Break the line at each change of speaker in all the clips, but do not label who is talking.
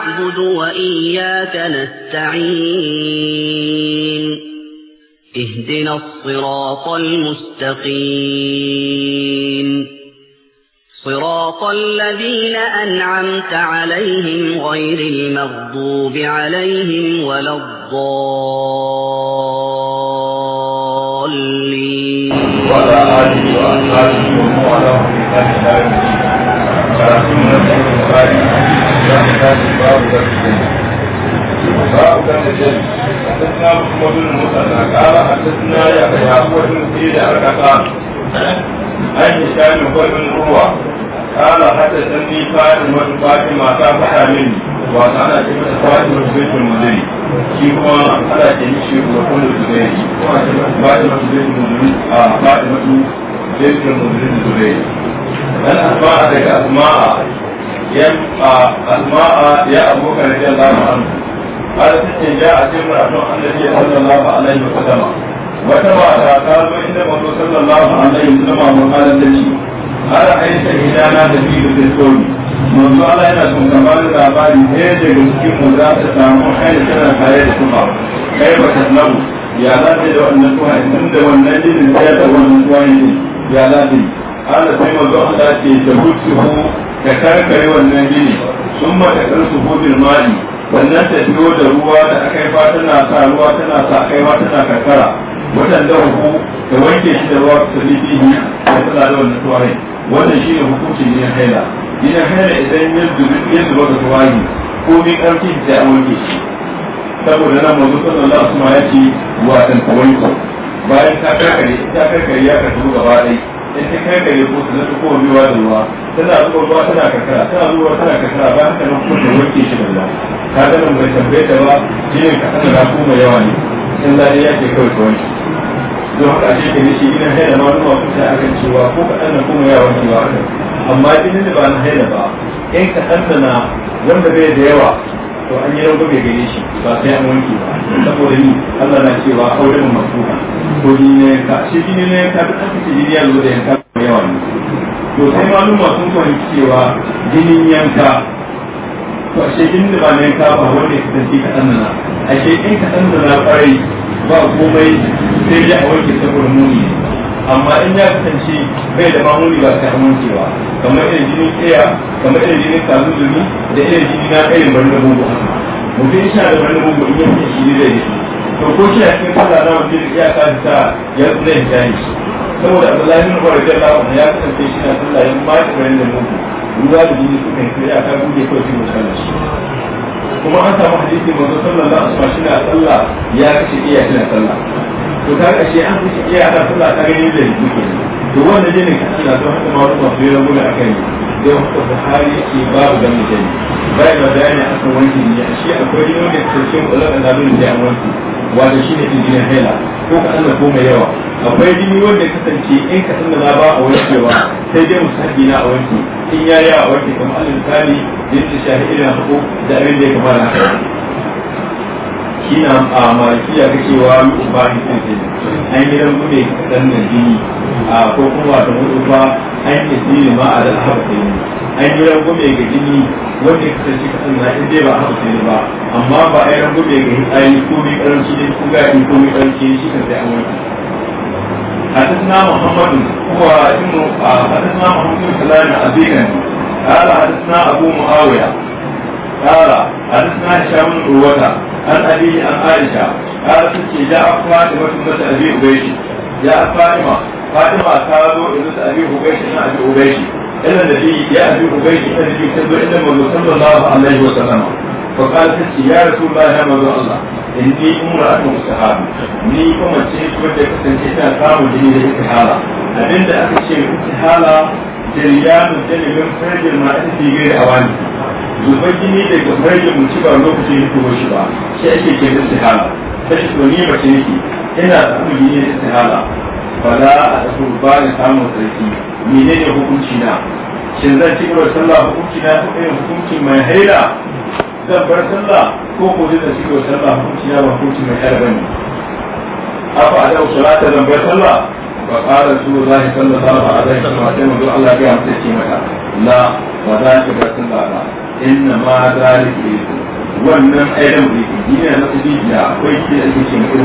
نعبد وإياك نستعين اهدنا الصراط المستقيم صراط الذين أنعمت عليهم غير المغضوب عليهم ولا الضالين ولا آله وأصحابه ومن والاه من باب
كان الجن حدثنا محمد بن مسلم قال حدثنا يعقوب بن سيد القطان عن هشام بن عروه قال حدثني فاطمة فاطمة تفتح مني وأنا كلمة فاطمة بنت المدير شيخنا على جميع شيخ وكل الزبير فاطمة بنت المدير فاطمة بنت المدير الزبير dan asma'a daga asma'a ya asma'a ya abubakar radiyallahu anhu har take ya a cikin rafin annabi sallallahu alaihi wa sallama wata mata ta zo inda manzo sallallahu alaihi wa sallama mun kada ta ci har ai ta gidana da biyu da tsoni manzo Allah yana son ka ba labari ne daga cikin mu za ta samu kai tana tare da ba ta ta ta yi hada sai manzo Allah ce da mutuhu ka karkare wannan gini sun ma da kansu hudin mali wannan ta fiyo da ruwa da aka yi fa tana sa ruwa tana sa kaiwa tana karkara waɗanda hu da wanke shi da ruwa ta bibihi da tsala da wannan tuwaye wannan shi ne hukuncin ne haila yin haila idan ya zuba da tuwaye ko bi ƙarfi da an wanke shi saboda nan manzo sallallahu alaihi wasallam ya ce wa tan tawayyu bayan ta karkare ta karkare ya karkare gaba ɗaya in ta kai kare ko ta zata kowa biyuwa da ruwa tana zuwa ruwa tana kakara tana zuwa tana karkara ba haka nan kuma ta wanke shi da ruwa ka ga nan bai tambaye ta ba jinin ka tana da kuma yawa ne in da ya ke kawai ta wanke don haka a cikin shi idan haila ma ruwa ku ta akan cewa ko ka tana kuma yawa ne ba amma jinin da ba na haina ba in ka tana wanda bai da yawa to an yi rabu bai gare shi ba sai an wanke ba saboda ni Allah na cewa auren mafuka ko ni ne ka shi ni ne ka duk ta ce jiniya lo da yanka yawa ne to sai maluma sun ni cewa jinin yanka to shi jinin da ba yanka ba wanda ya kasance kaɗan a shi in kaɗan nana ƙwarai ba komai sai ya a wanke saboda muni amma in ya kasance bai da mamuni ba ta amincewa kamar irin jini tsaya kamar irin jini kalulumi da irin jini na kai bari da bugu mutum isa da bari da bugu in yanke shi ne zai yi to ko shi a cikin sallah na mutum ya kasa ta ya zai jani saboda abdullahi bin umar radiyallahu anhu ya kasance shi na sallah ya ma ta bari da bugu ruwa da jini suka yi tsaya ta buɗe kawai sai musallar shi kuma an samu hadisi manzo sallallahu alaihi wasallam shi na sallah ya kashe iya shi na sallah to ta ga an kusa iya ana kula ta gani da yi to wanda jinin ka ana don haka ma wani masu yaran gula akan yi don haka buhari ke babu da mutum bai ma bayani a kan wanki ne shi akwai yi wani cikin ulama da nuna da yawon su wanda shi ne injinin hela ko ka ana ko mai yawa akwai jini wanda ya kasance in ka tsanna na ba a wankewa sai dai musahabi na a wanke in ya yi a wanke kamar alin tsari da yake shahi irin haƙo da abin da ya kamata ina a malikiya cewa mu ba ni sai ce an gidan mu bude dan da a ko kuma da mu ba an yi ne ma a da haba ne an gidan mu bude ga jini wanda kasance san zai inda ba haba sai ba amma ba a yaran bude ga hitsari ko mai karanci ne ko ga ko mai karanci shi kan sai an wani حدثنا محمد هو ابن حدثنا محمد بن سلام قال حدثنا ابو معاويه قال حدثنا هشام بن عروة عن أبيه عن عائشة قالت تشي جاء فاطمة بنت أبي أبيش جاء فاطمة فاطمة تابو بنت أبي أبيش عن أبي أبيش إلى النبي يا أبي أبيش إلى النبي صلى الله عليه وسلم fa qala ta ya rasulullahi ya manzo Allah inni umratu mustahabi ni kuma ce ko da kasance ta samu jini da istihala abinda aka ce istihala jiryanu dalilin farjin ma'ati fi gairi awani zubar jini daga farjin mu ci ba lokacin yi ko ba shi ake ke istihala sai to ni mace nake ina samu jini da istihala fala a tafi bayan samun sarki menene hukunci na shin zan ci gaba sallah hukunci na irin hukunci mai haila dan bar sallah ko ko da shi ko sallah hukunci na ba hukunci mai kada bane afa a dau salata dan bar sallah fa qala rasulullahi sallallahu alaihi wasallam sai manzo Allah ya amsa ce mata la wa za ka bar sallah ba inna ma zalika yusuf wannan aidan da yake ni ne na kudi da akwai ke ake ce mutum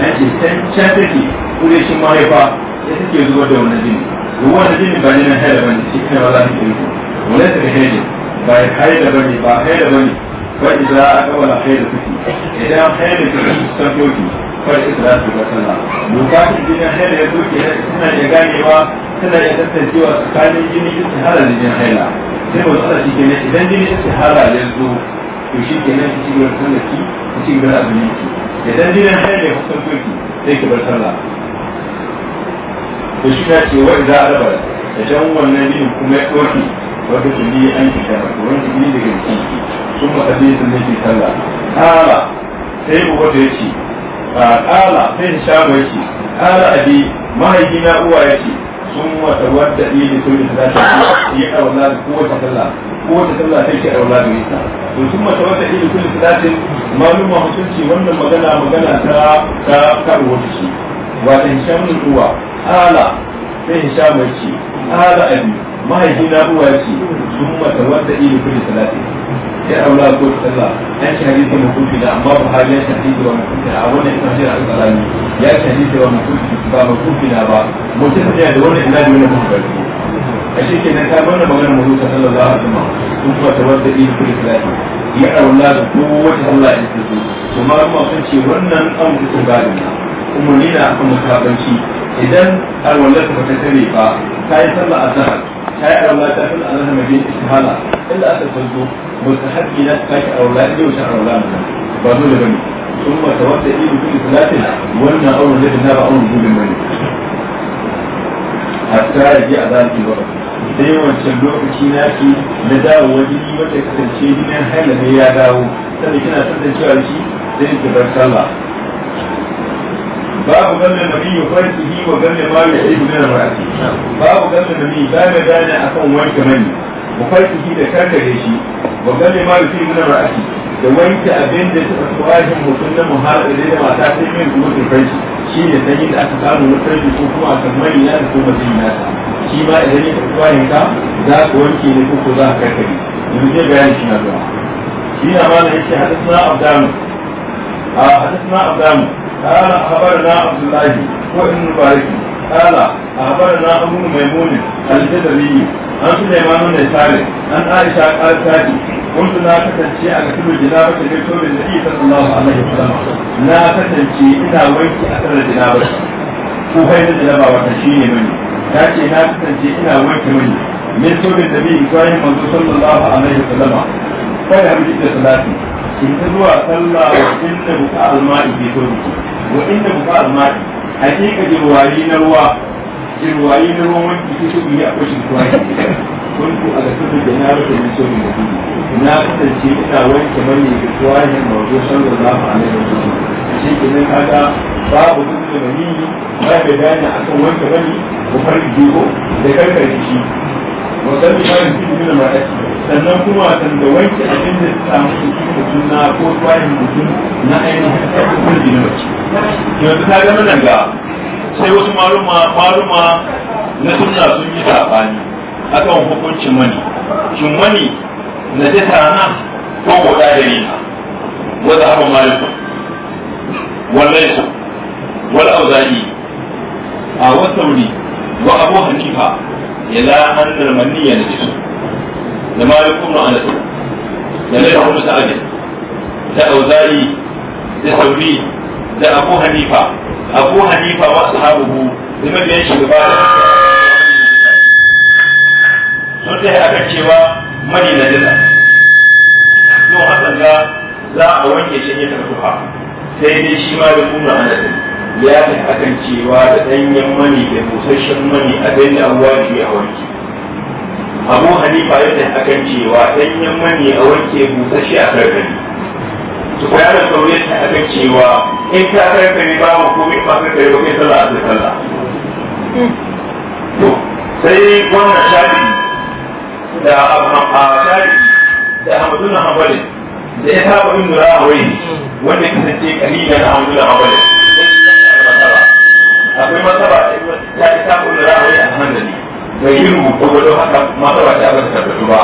an ce can can take kure shi mahaifa ya take zuwa da wannan jini ruwan da jini ba ne na haila bane shi ne ba za ka yi wani ta haila ba ya haila bane ba haila bane وإذا أول خير فتي إذا خير فتي تنفوتي والإسراء تبسلنا بكاتب جنة خير يدوكي سنة يغاني و سنة يتسجي وكان جنة استحالة لجنة خيرا سنة وصلة جنة إذا جنة استحالة يزدو يشيك جنة تشيك برسلتي تشيك برأبنيتي إذا
جنة خير يخصنتوكي
تيك برسلنا da shi ce wa idza araba da jan wannan din kuma ya doki wato tuni an kisa wato wani tuni daga ciki sun maɗaɗe da nake sallah kala sai uba da ya ce kala sai hishama ya ce kala abi mahaifina uwa ya sun wata wadda iya da sauri da ta yi ya ɗaura da kowace sallah kowace sallah sai ke ɗaura da yi to sun wata wadda iya da sauri da zata maluma hukunci wannan magana magana ta ta karuwa da shi wata hishamun uwa ƙala sai hishama ya ce ƙala abi mahaifina uwa ya ce sun wata wadda iya da sauri da zata ya aula ko tsalla ya ci hadisi mu kufi da amma buhari ya ci da wani kufi da wani ne kan jira al-qalami ya ci da wani kufi ba mu kufi da ba mutum ne da wani ina da wannan mutum a shi ke na ta bana magana mu ta sallallahu alaihi wasallam kun kuma ta wanda yi kuri salati ya aula da kowace sallah in ta zo to ma kuma sun ce wannan an ku gadi umarni na akan mutabanci idan alwallar ka ta tare ba ta yi sallah azhar ta yi alwallar ta sallah azhar mai bin istihala inda aka zo mustahabbi na sake aula ne wata aula ba dole bane sun ba ta wata ilu kulli salatin wannan auren da ba auren dole bane hatta ya ji azalki ba sai wancan lokaci na shi na dawo wani ni kasance jinin haila ne ya dawo sannan kina san cewa sai ki bar sallah babu gamin nabi ya farki ba gane akan wanke mani mu farki da karkare shi wa galle ma yufi mun ra'ati da wanke abin da suka tsawahin mutum na muhalli da ta sai mai gudun farki shi ne sanyi da aka samu na farki ko kuma a kan mai ya da kuma jin nasa shi ma idan ya tsawahin ka za ka wanke ne ko ko za ka karkare yanzu zai bayani shi na zuwa shi na ma na yake hadisna abdanu a hadisna abdanu قال أخبرنا عبد الله وابن مبارك قال أخبرنا أبو ميمون الجدلي عن سليمان بن سالم عن عائشة قال تاتي قلت لا تتنشي على كل جنابة لرسول النبي صلى الله عليه وسلم لا تتنشي إذا أثر الجنابة wa inda buka almai hakika jirwayi na ruwa jirwayi na ruwan wanki su su yi akwai shirkuwa kuntu a ga sassa da na rufe min so min na kasance ina wani kamar ne da tuwahin mawazo sallallahu alaihi wa sallam shi kenan kaga babu duk da maniyi ba da dani akan wanda bane ko farki da sannan kuma san da wanke abin da ta samu cikin mutum ko tuwahin mutum na ainihin karkare da mace yanzu ta ga nan ga sai wasu maluma maluma na sunna sun yi sabani akan hukuncin mani shin mani na ta tana ko goda da ni wanda haɓa maliku wallai su wal auzai a wasauri wa abu hanifa ila an al-maniyya najisu da malikum na anas da ne da hudu sa'adin da auzari da sauri da abu hanifa abu hanifa wa sahabu zama da shugaba da sun sai aka cewa mani na dila don hakan ga za a wanke shi ya tarkuha sai dai shi ma da kuma anadin ya ta akan cewa da danyen mani da busasshen mani a abin da abuwa ne a wanke abu hanifa ya ta akan cewa danyen mani a wanke busasshe a karkari bayanin sauri ta akan cewa in ka karfe ne babu komai ba karfe ba kai sallah sai sallah to sai wannan shafi da a shafi da hamadun hanbali da ya saba yin nura a wai wanda ya kasance kalilan hamadun hanbali akwai masaba ta yi saba yin nura a wai a hanbali bai yi rubutu wadda haka masaba ta ba ta ba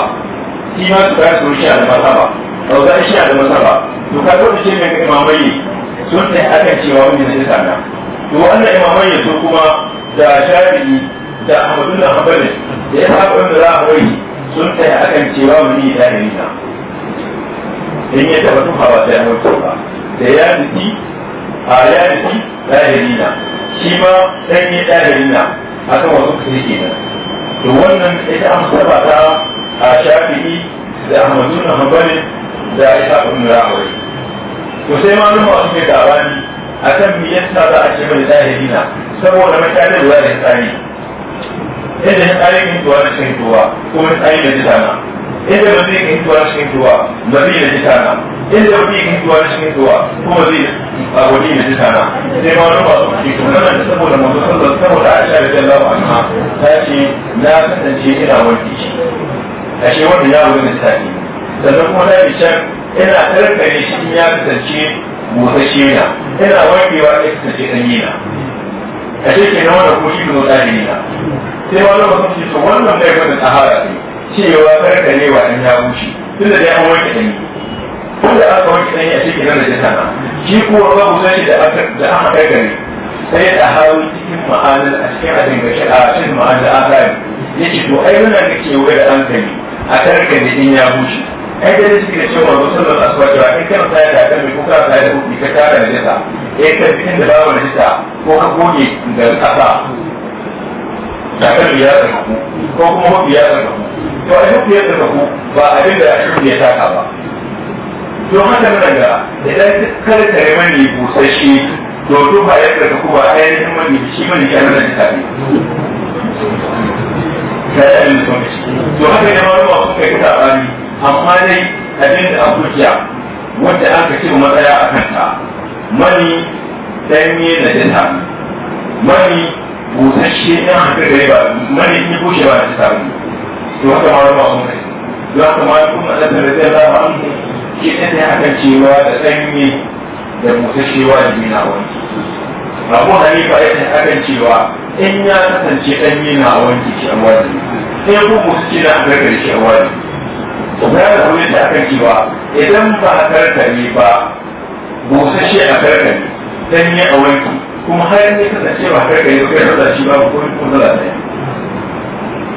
shi ma su kaya su da masaba a wajen shi da masaba to ka zo ce mai imamai sun ta aka cewa wani zai sana to wannan imamai su kuma da shafi'i da ahmadu da hanbali da ya saba wanda za a wai sun ta akan cewa wani ya ne na in ya taba tuha ba sai an ba da ya nufi a ya nufi ɗahiri na shi ma ɗan yi ɗahiri na akan wasu kasi kenan to wannan ita amsa ba ta a shafi'i da ahmadu da hanbali da ya sa kun ra aure to sai ma mun wasu ke gabani akan me yasa za a ce mai zahirina saboda mai mutane da zai tsani inda ya tsari kin tuwa da cikin tuwa ko mun tsari da jitana inda ba zai kin tuwa da cikin tuwa ba zai da jitana inda ba zai kin tuwa da cikin tuwa ko ba zai a wani da jitana sai ma mun wasu ke kuma nan saboda mun san saboda Aisha radiyallahu anha ta ce na kasance ina wanki ashe wannan ya wani misali sannan kuma na can ina ne shi in ya kasance busasshe na ina wankewa ya kasance ɗanye na a shekin na da ko shi zo tsari na sai wani mutum ce to wannan bai gwada tsahara ne cewa karkarewa in ya wuce tun da dai an wanke ɗanye tun da aka wanke ɗanye a cikin nan da jisa na shi kuwa ba busasshe da aka ne sai a hawo cikin ma'anar a cikin abin shi a cikin ma'anar a ya ce to ai muna ga kewaye da an a ne in ya wuce ai da shi ke cewa wasu sallar asu ba kai kana tsaye da kan mai kuka tsaye da kuki ka tara da jita eh kai cikin da babu jita ko ka goge da kasa da kan ya tsaka ku ko kuma mafi ya tsaka ku to a duk ya tsaka ku ba a abin da shi ya taka ba to haka nan ga idan kar ka yi mani busasshe to duk ba ya tsaka ku ba ai ne mani shi mani kana da jita ne ta yi da mutum to haka ne ma wani wasu kai ta bani amma dai abin da akuciya wadda aka ce matsaya a kanta mani ne na jinta mani busasshe in haka gare ba mani in yi bushe ba na samu to haka ma ba sun kai to haka ma kuma da tare da ba a amsa Ke ɗan ya akan cewa da ɗanye da busasshe wa da jina wani abu hanifa ya akan cewa in ya kasance ɗanye na wanki shi a wani Sai kuma su ce na gaggar shi a wani ku fara da wani da aka ba idan ba a karkare ba busashe a karkare dan ya awanki kuma har ya kasance ba karkare ba kai rasa shi ba ko kuma zala ɗaya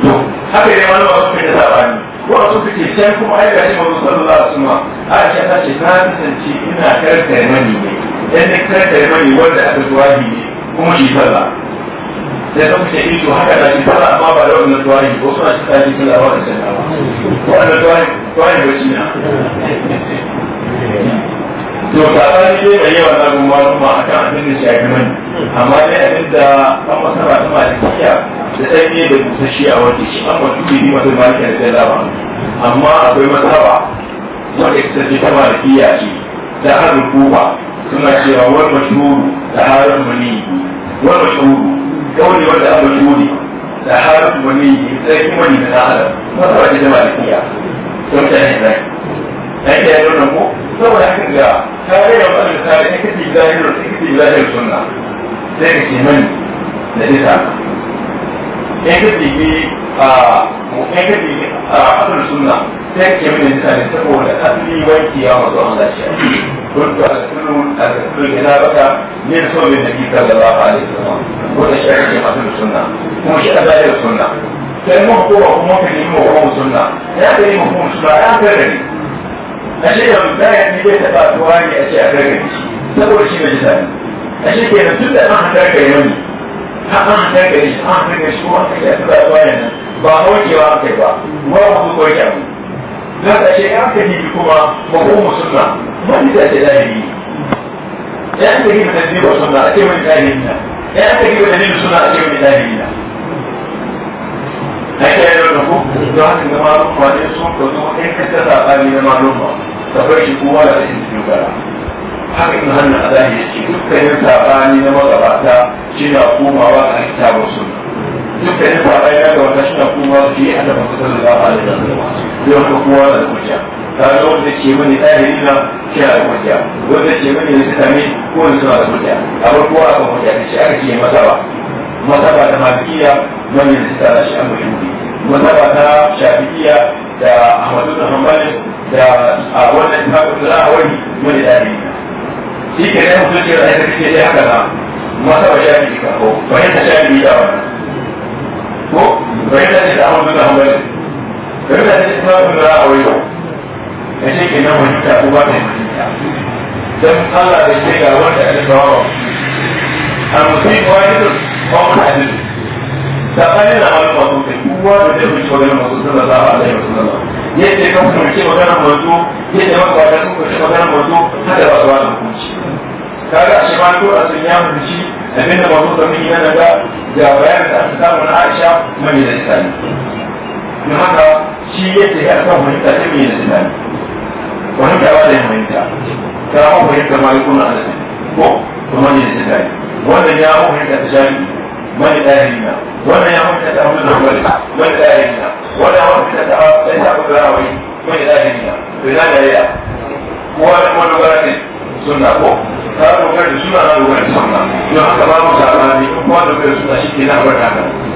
to haka ne wani wasu kai da sabani wasu suke can kuma ai ga shi mazu sallallahu alaihi wasallam a ce ta ce ta kasance ina karkare mani ne dan ne karkare mani wanda aka zuwa ne kuma shi sallah da ya mutu yi shi haka da shi fara amma ba da wannan tuwari ko suna shi tsari sun lawa da sanya ba wannan tuwari tuwari ba shi na to ta tsari ne mai yawan lagun wani ma a kan abin da shi ake mani amma dai abin da an masara ta malikiya da tsanye da shi a wani shi an wani kiri masu malikiya da zai laba amma akwai masaba wanda ita ce ta mara malikiya ce da harin kuba suna cewa wani mashuru da harin mani wani mashuru kauli wanda abu juli da harafin wani tsarkin wani da ta'ala masu wajen da malikiya don ta yin zai na iya yi wannan ko saboda haka ga tare wani zahirar zahirar sunna sai ka ce mani da ita Ah, ah, sai ka ɗibi a sai ka ɗibi a asar suna sai ka yi misali saboda asali wanki ya mazu an zaci a don to alƙirun alƙirun ya baka ne da sau yin nabi a alaihi wasallam ko da shi ake asar suna kuma shi a zaɗin suna sai mun kowa kuma ka nemi wa kuma suna ya ka yi kuma sunna ya ka gari a shi yanzu da ya ne bai taɓa tuwa ne a ce a gari saboda shi bai ji a shi kenan tun da an haɗar ka yi mani an ta gari an ta shi kuma ta gari ta zuwa nan ba haukewa an ke ba wa ba ku koyi abu don ta shi an ka ni kuma mahumu sunna ni da ce zahiri ya an ka hibi ni zibo sunna a ce wani na ya an ka hibi ta sunna a ce wani na na ke yau da ku da haka ga malumma ne sun ka zo in ka ta zaɓa ne na malumma ka bar shi kowa da ta haka in zanna a zahiri yake dukkanin sabani na magabata shi na ba a kitabun sunna dukkanin sabani na gabata shi na komawa su yi annabi sallallahu alaihi wasallam don ka a da hujja kaga wanda ke mani zahiri na shi da hujja wanda ke mani da kitami ko wani suna da hujja a farko a kan hujja ta ce aka ce masa ba masa ba ta malikiya wani da ta da shi an mashuri masa ba ta shafi'iya da ahmadu da hanbali da a wannan ta kuma a wani da shi ke nan mutum ce da kake dai haka na masa wa shafi ka ko bayan ta shafi da wannan ko bayan ta da amma da amma bayan ta ce kuma kun da aure ko da ce ke nan wani ta uba ne dan Allah da shi ga wanda ya dawo an mutum wani ko mun tsakanin da wani masu sai kowa da zai wajen masu sallallahu alaihi wasallam yadda ya manzo yadda ya manzo da hukunci kaga a shima to a sun ya mutunci abinda mamu sanin yana da ga bayan da aka samu na Aisha mai da tsani don haka shi yadda ya san wani ta mai da tsani wani da ba da mai ta ta ma wani da mai kuna da ko kuma ne da wannan ya wani ɗari na wannan ya mafi da hamdu da wani wani ɗari na wannan ya mafi da sai ta abu da rawai wani ɗari na to ina da ya kowa da wani wani sunna ko ta na dokar da sunna don haka ba mu suna na gwada ka wani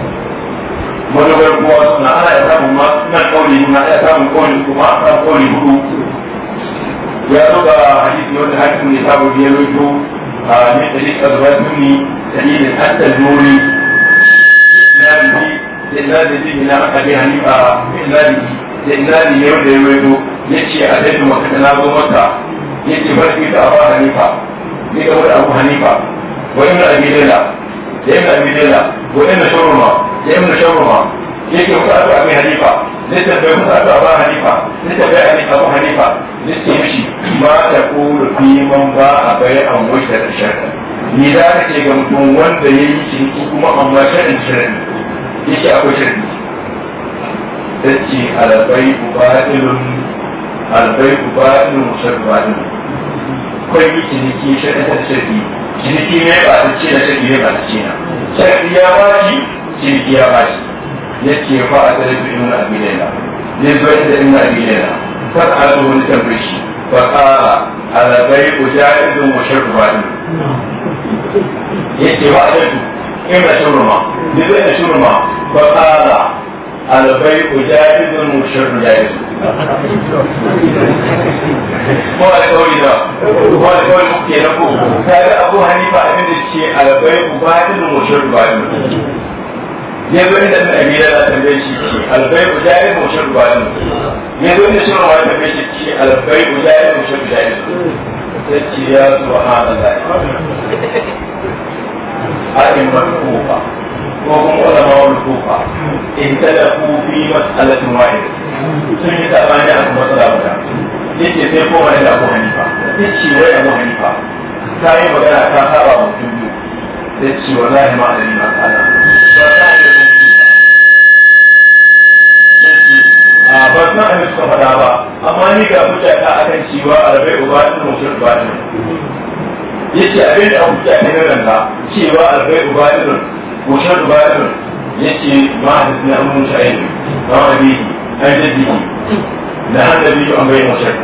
wani kowa suna ana ya samu ma ina ya samu kauli kuma a samu kauli hudu ya zo ga hadisi wanda hakimin ya samu biyar a ne da ne ka zuwa sunni سعيد حتى النوري لإنابه من أبي حنيفة لإنابه لإنابه يرد يرد يشي أتيت مكة نازو مكة يشي فرقيت أبا حنيفة يقول أبو حنيفة وإن أبي ليلى لإن أبي ليلى وإن شرما لإن شرما yake mutu a abin halifa zai tabbai mutu a ba halifa zai tabbai a nika ba halifa zai ce mishi ma ta kuru fi man ba a bai an wuce da shakka ni za ka ce ga mutum wanda ya yi ciniki kuma amma shaɗin shirin yake akwai shirin ta ce albai uba'ilun albai uba'ilun musar uba'ilun kwai yi ciniki shaɗin ta shaɗi ciniki ne ba ta ce na shaɗi ne ba ta ce na shaɗi ya ba shi ciniki ya ba shi ya ce fa a tare da ibn abi laila ne zo da ibn abi na fa a zo wani tambayi فقال البيع جائز وشر بعيد yace wa da su in da shurma duk da shurma fa qala al bai'u jaizun wa sharru jaiz ko da kawai da ko da kawai muke na ko sai Abu Hanifa abin da ce al bai'u batilun wa sharru batilun ya zo inda ta amira na tambaye shi ce albai ku jaye mu shi ruwani ya zo inda shi ruwani tambaye shi ce albai ku jaye mu shi ruwani ya ce ya zuwa hana zai a in malukufa ko kuma wala ma malukufa in talafu fi mas'alatin wahid sun yi tsabani a kuma matsala guda yake sai ko wani da abu hanifa ya ce wai abu hanifa ta yi magana ta saba mutum biyu ya ce wallahi ma da ni mas'ala wallahi sun ba su na abin suka faɗa ba amma ni ga mutaka akan cewa arabai uba ɗin mutum ba ɗin yace abin da abu ta nan da cewa arabai uba ɗin ba ɗin yace ma da suna mun ta yi ba ma bi an jaddi da hada biyu an bai mutum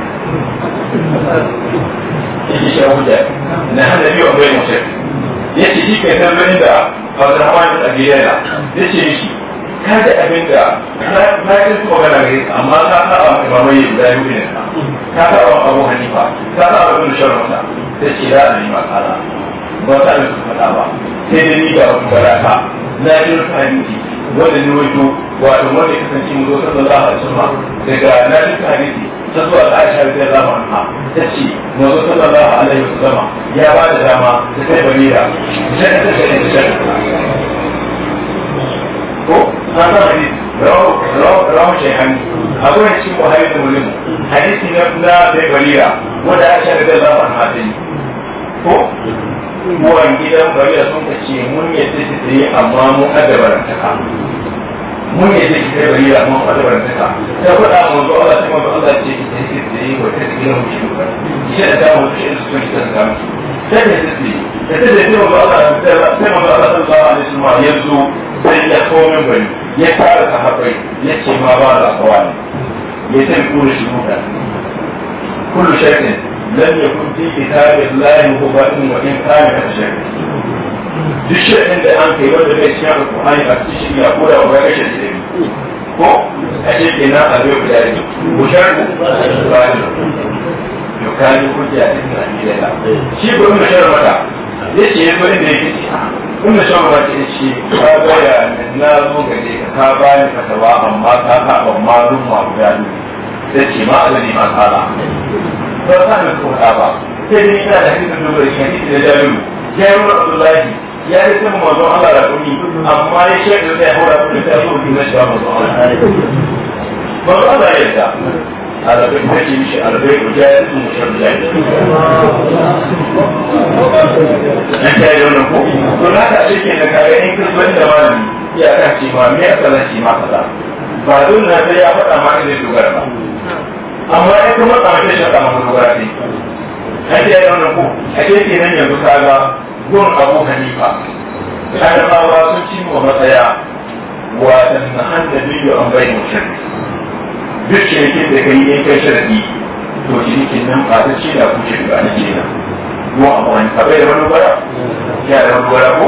yake shi abu ta na hada biyu an bai wuce. ya ce shi kai tambayin da Abdurrahman bin Abi Layla ya ce shi ka da abin da na yi su magana gare ka amma ka sa a imamai guda biyu ne ka sa Abu Hanifa ka sa a Ibn Sharmata ya ce ya alima kana ba ta su ba sai da ni ga baraka na yi wata wanda ni wato wato wanda ya kasance mu daga na yi ta zuwa ga Aisha radiyallahu ta ce mu a sallallahu alaihi ya ba da dama ta kai ta ta ko na ta hadisi rawan cikin da hadisi na bai wanda Aisha ta yi ko muwan gidan bariya sun ka ce mun ya tafi tsaye amma mu adabaran taka mun ya tafi tsaye bariya amma mu adabaran taka ta faɗa mun zo Allah sai mun Allah ce ki tafi tsaye ko ta tafi mun shi ba shi da mun shi da su ta ta ta ta tafi da ta tafi mun Allah sai mun Allah sallallahu alaihi wasallam yanzu sai ya so min bari ya fara sahabbai ya ce ma ba da kawai ya tafi kullu shi kuka kullu shay'in لم يكن في كتاب الله مبارك وإن كان كتشك duk shirin da an kai wanda bai cikin alkuhani a cikin shi ya koda wa kashe ko a ce ke nan abin guda ne bushar ba ne yukani a cikin da shi ko ina shan mata ya ce ya da ya kici mata ta ce ka na zo ne ka ka ba ni amma ka ka ban ma rumma guda ne ce ma alani ma tsara ba sa da su ba sai dai ina da hadisin dogara shi hadisin da jaru jaru na abdullahi ya yi sama mazan Allah da kuni amma ya shaida da ya haura kuni ta so ki zai ba mazan Allah ba Allah a yadda arabai ta ce mishi arabai ko jayar sun mushar jayar na ta yi ko to na ta ce ke na kaga in da ya kan ci ma me ya kaza ci ma ba don na sai ya faɗa ma ka dogara ba amma ya kuma tsamashe shi a samun lokaci ake yi wannan ko ake ke nan yanzu kaga gun abu hanifa annabawa sun ci wa matsaya watan na hannun biyu an bai mutum duk shirkin da kai ne kai sharadi to shirkin nan ba ta ce da kuke ba na ce nan ko amma wani abai da wani gwada ya da wani ko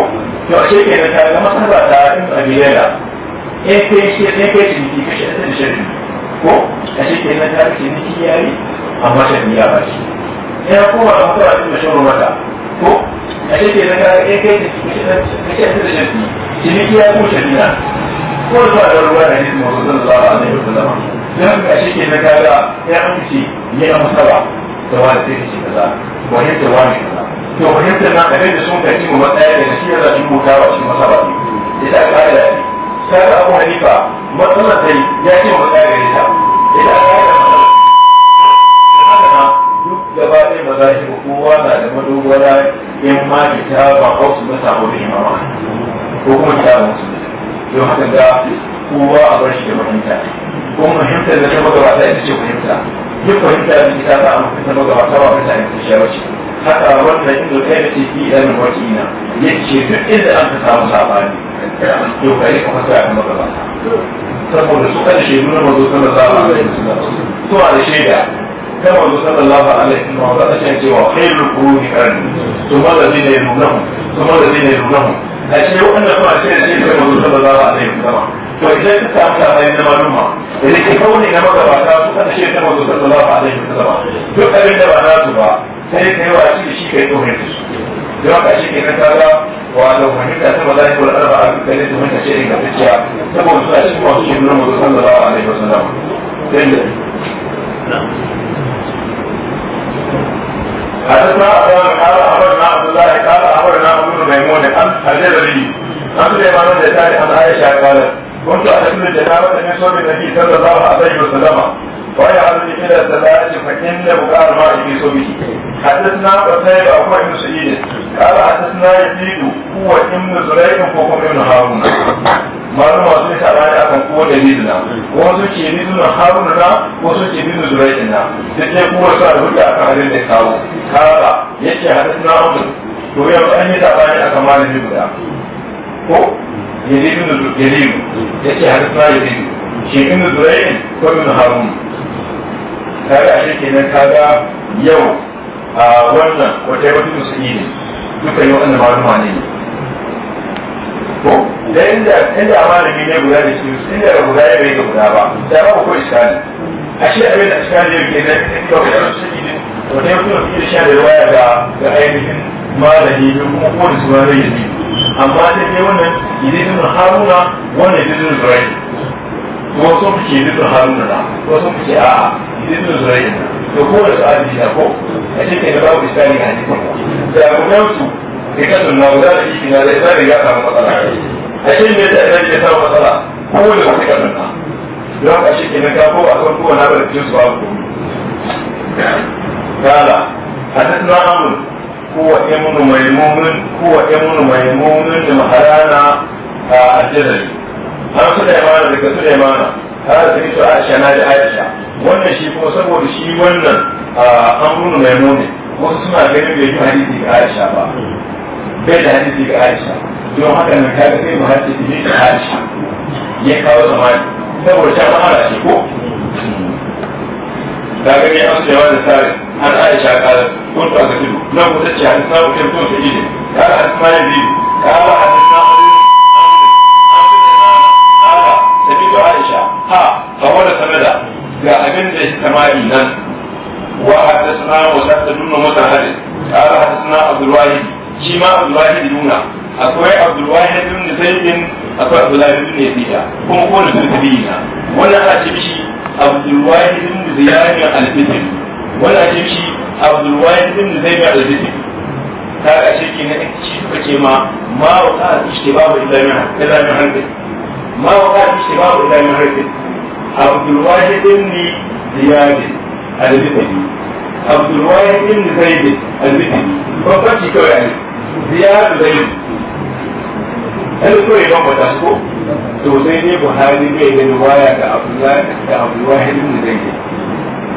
to a shirkin da ta ga masarba ta in abiyala in kai shirkin ka shirkin ka shirkin ko a shi ke nan ta ce miki yayi amma ta biya ba shi sai ya koma a mutuwa cikin mashin mata ko a ke nan ta ce kai da shi da shi shi miki ya ko shari'a ko zuwa da ruwa da hidima ko zan zuwa a zai rubuta ma don a ke ta ga ya amince ya amsawa da wani sai ka ce kaza wani da wani kaza to fahimta na abin da sun kaci mu matsaya da shi ya zaci mutawa cikin masaba ne ya ta ƙa'ida ne sai ga ko hanifa matsalar da ya ce mu tsaya gare ta ina tsaya da matsalar duk gaba ɗaya ba za shi kowa na da madogara in ma ki ta ba hausu ba samu da imama ko kuma ki ta musu don haka ga kowa a bar shi da fahimta ko fahimtar da ta magabata ita ce fahimta yin fahimta da ki ta ba a mutunta magabata ba mutane ta shi ya haka wannan inda ta yi ce fi ɗan wakina ya ce duk inda an ka samu sabani yau ka yi ka fasa a gaba saboda su kan shaidu na mazo sallallahu alaihi wasallam su a da shaida na mazo sallallahu alaihi wasallam za ta ce cewa khairu quruni qarni to ma da zai ne nunahu to ma da zai ne nunahu a ce wanda kuma ce da shaida mazo sallallahu alaihi wasallam to idan ka samu sabani na maluma idan ka kauni na magabata su kan shaida mazo sallallahu alaihi wasallam duk abin da ba na su ba sai ka yi watsi da shi ka yi domin da su don haka shi kenan ka ga wato da ta ba za ta wani arba a dukkan da domin ta ce in gaskiya saboda a cikin wasu shi nuna mutu sallallahu alaihi wasallam sai da حدثنا أبو قال أخبرنا عبد الله قال أخبرنا أبو ميمون عن عن سليمان بن عن عائشة كنت النبي صلى الله عليه وسلم وهي على إلى الصلاة فكن بكاء الماء في صومه حدثنا قتيبة هو ابن سعيد قال حدثنا يزيد هو ابن زريع وهو ابن هارون malum masu ne tara ne akan kowa da nidu na wasu ke nidu na haruna na wasu ke nidu zuraikin na da ke kowa sa da hujja akan halin da kawo kara yake hadisi na abu yanzu an yi tara ne akan malami guda ko yalidu na yalidu yake hadisi na yalidu ke nidu zuraikin ko nidu haruna kaga a shi kenan kaga yau a wannan wata yi wata ne dukkan yi ne da inda inda malami ne guda da shi inda da guda ya bai da guda ba da ba ko abin da da wata ne wata yi wata ne da ga ga ainihin malami kuma ko da su ma zai yi amma da ke wannan idan haruna wannan zurai ko sun fice haruna ko sun fice a'a idan zurai to ko da sa'adi shi ko a ce kai babu islami a hadisin da abu nan su da kasu na wuza da shi na da islami ya samu matsala a ce ne da islami ya samu matsala ko da wata kasu don a shi kenan ka ko a kan kowane abu da cikin su babu kala حدثنا عمرو هو ابن ميمون هو ابن ميمون المهرانة الجزري. أنا سليمان ذكر سليمان kada su rito aisha na ji aisha wannan shi kuma saboda shi wannan an amrun mai muni wasu suna ganin bai yi hadisi ga aisha ba bai da hadisi ga aisha don haka nan kaga sai mu hadisi ne ga aisha ya kawo zamani saboda ta ma'ala ce ko ta gani an su cewa da tare an aisha kala kun ta ga tudu nan kuta ce hadisi na mutum to sai ne kala hadisi na biyu kala hadisi من اجتماعي نفسه وحدثنا مسدد بن مسهل قال حدثنا عبد الواحد شيما عبد الواحد يونا akwai abdulwahid ibn zaidin akwai abdullahi ibn yazida kuma kowane sultabiyina wannan a ce shi abdulwahid ibn ziyarin al-fitr wannan a ce shi abdulwahid ibn zaidin al-fitr ta ga shi ke na ci suka ce ma ma wa ta ishtibabu islamin harfi ma wa زياد البتني عبد الواحد بن زيد البتني بابا يعني زياد زيد هل كوري بابا تاسكو to sai dai buhari bai da riwaya ga abdullahi da abdullahi ibn zaid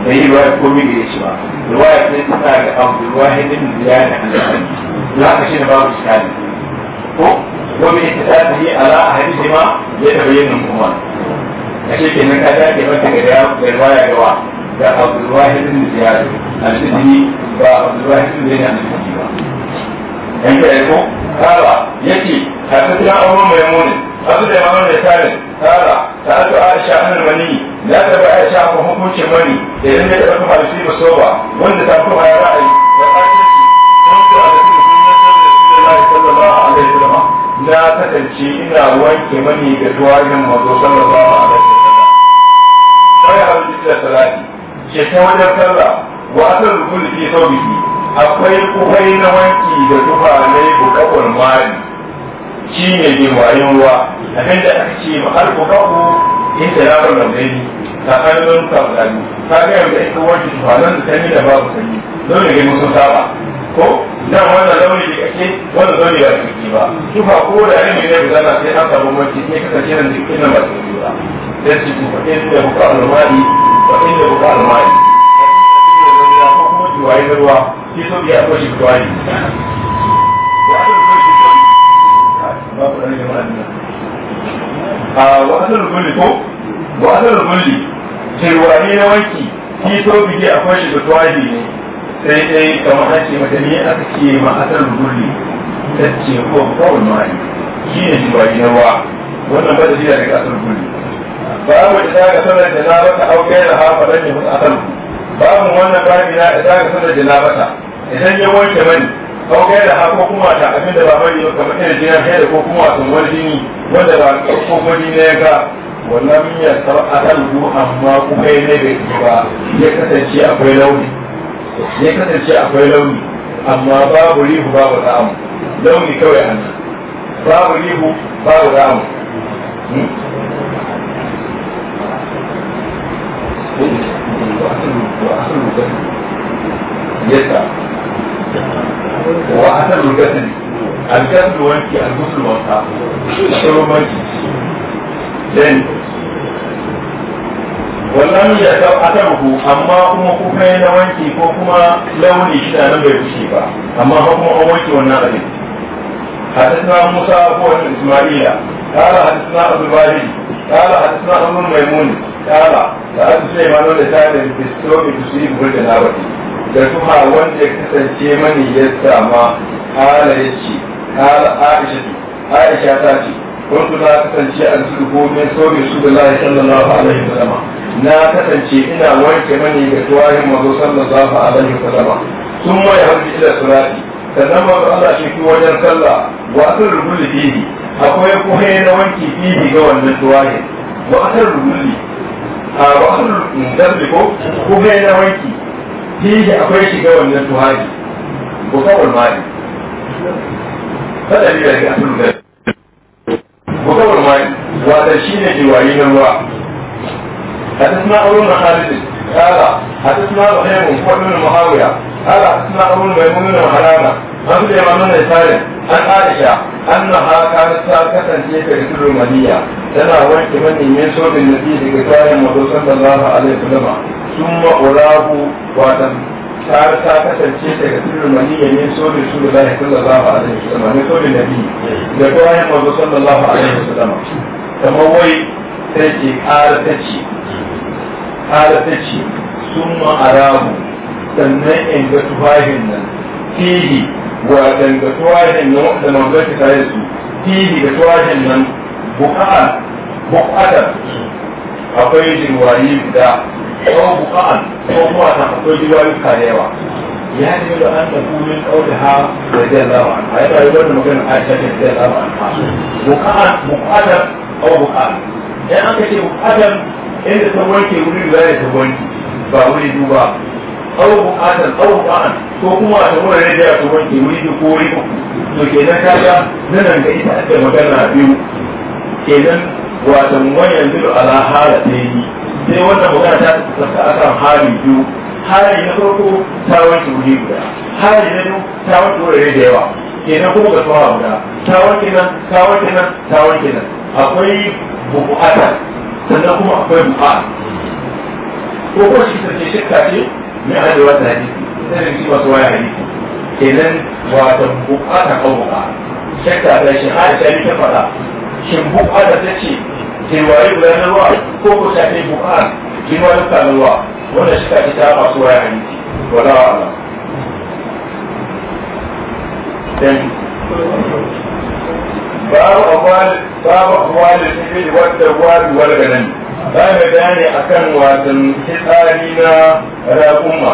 bai yi riwaya ko mini da shi ba riwaya sai ta sa ga abdullahi ibn ziyad al-hasan la ka babu ko ala kuma ashe kenan ka dace mata ga da riwaya ga wa da Abdul Wahid bin Ziyad al-Sidni ba Abdul Wahid bin Ziyad al-Sidni ba in ka yarko kala yace hadathana Abu Maymun Abu da Imam Al-Salim kala sa'atu Aisha an al-Mani la ta ba Aisha ko hukuncin mani da idan ya dauka falsi musoba wanda ta kuma ya ra'ayi
da ta ce da na kasance ina wanke mani da tuwarin mazo sallallahu alaihi wasallam
sai a rubuta da salati ke ta wajen sallah wa asal rukun fi saubiki akwai kuhai na wanki da tufa ne bukakwar mali shi ne ke wayan ruwa a kan da aka ce ma har bukakku in ta yaron da zai tsakanin tsakanin ta ga yanzu ita wajen tufa nan da ta da babu sanyi dole ne musu saba ko nan wannan launi da kake wannan launi ba kake ba kifa ko da ne ne da sai an samu mace sai ka kace nan dukkan nan ba kake ba sai ci ku fadin da buka almari fadin da buka ko
kuma jiwaye na ruwa shi so biya ko shi jiwaye
wa'adar rukuni ko wa'adar rukuni jirwaye na wanki shi so biya akwai shi da ne sai dai kamar an ce mata ne aka ce ma asal gurbi ta ce ko oh, kawai mai shi ne shi ba gina wannan ba da shi daga asal gurbi ba mu isa ga sanar da na bata au kai da hafa dan yin asal ba mu wannan babi na isa ga sanar da na bata idan ya wanke mani auke kai ha ko kuma ta abin da ba bari kamar irin jinar kai da ko kuma sun wani jini wanda ba ko kuma jini ya ga wannan ya sar asal amma kuma ne bai ba ya kasance akwai launi ya kasance akwai launi amma babu rihu babu ra'amu launi kawai a nan babu rihu babu ra'amu yasa
wa asal rugatin
alkaslu wanki almuslu wanka shuru manki then wannan ya sau a ku amma kuma ku kai na wanki ko kuma launi shi nan bai fushi ba amma ba kuma an wanki wannan abin musa ko wani ismaila kala hadisna abubari kala hadisna abubuwan maimuni kala da aka da da da da kuma wanda ya kasance mani ya sama kala ya aisha ta ce wanda za kasance a cikin gobe so da su da lahi sallallahu alaihi wa sallama na kasance ina wanke mani da tuwahin mazo sallallahu alaihi wa sallama sun mai hamdi ila surati sannan mazo Allah shi ki wajen sallah wa asar rubuli fihi akwai kuma na wanki fihi ga wannan tuwahin wa asar rubuli a wa asar rubuli ko kuma na wanki fihi akwai shi ga wannan tuwahin ko kawai mali. Kada ne da ke asar rubuli. وكبر ماين وتشين جوارين الرواء حدثنا أول بن خالد قال حدثنا بخير وابن معاوية قال حدثنا أول ميمون بن حرامة عن الإمام النسائي عن عائشة أنها كانت ساكتة في كتب المدية تنا وانت من من صوت النبي لكتاب صلى الله عليه وسلم ثم أراه وتم ta ta kasance daga sirrin ya ne so da su da sallallahu alaihi wasallam ne so da nabi da kuma ya mazo sallallahu alaihi wa wasallam kamar wai sai ce ƙara ta ce ƙara ta ce sun ma'arabu sannan in ga tufahin nan fihi wa danga tufahin nan da manzon ta tare su fihi da tufahin nan buka'a buka'a akwai jirwayi guda yawan buka'an ko kuma ta akwai riwayoyinka da yawa ya ne da an da kumin ɗaukaha da zai zama a yi rayuwar da magana a shakin zai zama a buka'an buka'an ko buka'an in an ka ce buka'an inda ta wanke wuri da ya ta wanke ba wuri duba ko buka'an ko buka'an ko kuma ta wurare da ya ta wanke wuri da ko wuri to kenan kaga nan da ita ake magana biyu kenan watan wayan zuru ala hala ta yi sai wannan magana ta tsaka akan hali biyu hali na farko ta wanke wuri guda hali na biyu ta wanke wurare da yawa kenan kuma ga tsawa guda ta wanke nan ta wanke nan ta wanke nan akwai bukata sannan kuma akwai buƙata ko kuma shi sarki shirka ce mai ajewa ta hadisi ta da shi masu waya hadisi kenan wata bukata kan buƙata shakka ta shi hali ta faɗa shin buƙata ta ce riwayoyi guda na ruwa ko ko ta ne bukhari riwayoyi ka na ruwa wanda shi ka ci ta masu waya hadisi wala ala dan babu akwal babu akwal da shi ne wanda wani wani ganin za mu gane akan wasan fitsari na raƙuma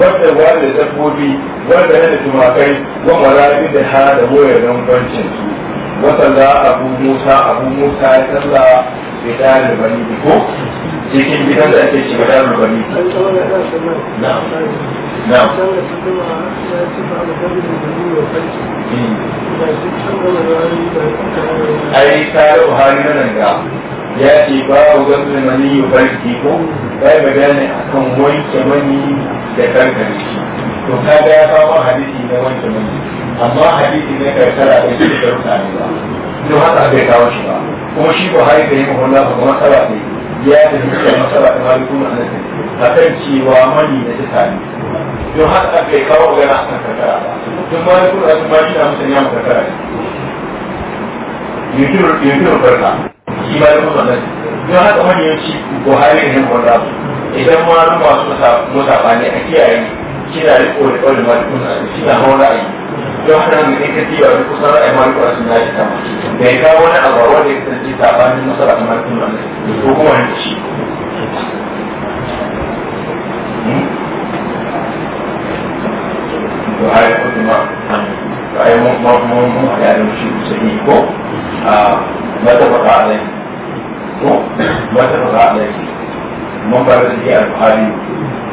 wadda wani da dabbobi wadda da tumakai wa mara'in da ha da wayar don kwancin su wasanda abu musa abu musa ya salla da bani ko
cikin gidan da ake ci da bani na'am na'am hmm.
ai tare hali nan ga ya ce babu gamsu mani yi barki ko ne a akan wanke mani da shi to kaga ya kawo hadisi na wanke mani amma hadisi ne kai tara da shi da mutane ba don haka bai kawo shi ba kuma shi Buhari da yi mahalla kuma sala ne ya da shi masala da malikun annabi akan cewa mani da ta tani don haka bai kawo ga na akan karkara ba don malikun annabi ma shi na musanya mu karkara ne yutur yutur barka shi ba da musalla don haka mani ya ci Buhari da yi mahalla idan ma masu musabani a kiyaye kina riko da kawai malikun shi na hawa ra'ayi don hana mu ne kaci wa duk kusan ai mali kwa sun dace sama da ya kawo wani abu wanda ya kasance sabanin masara kamar tun nan ko kuma wani ci hmm? to ai ko kuma ai mun mun mun mun ya da shi sai ko a mata baka alai ko mata baka alai mun bar da shi alfahari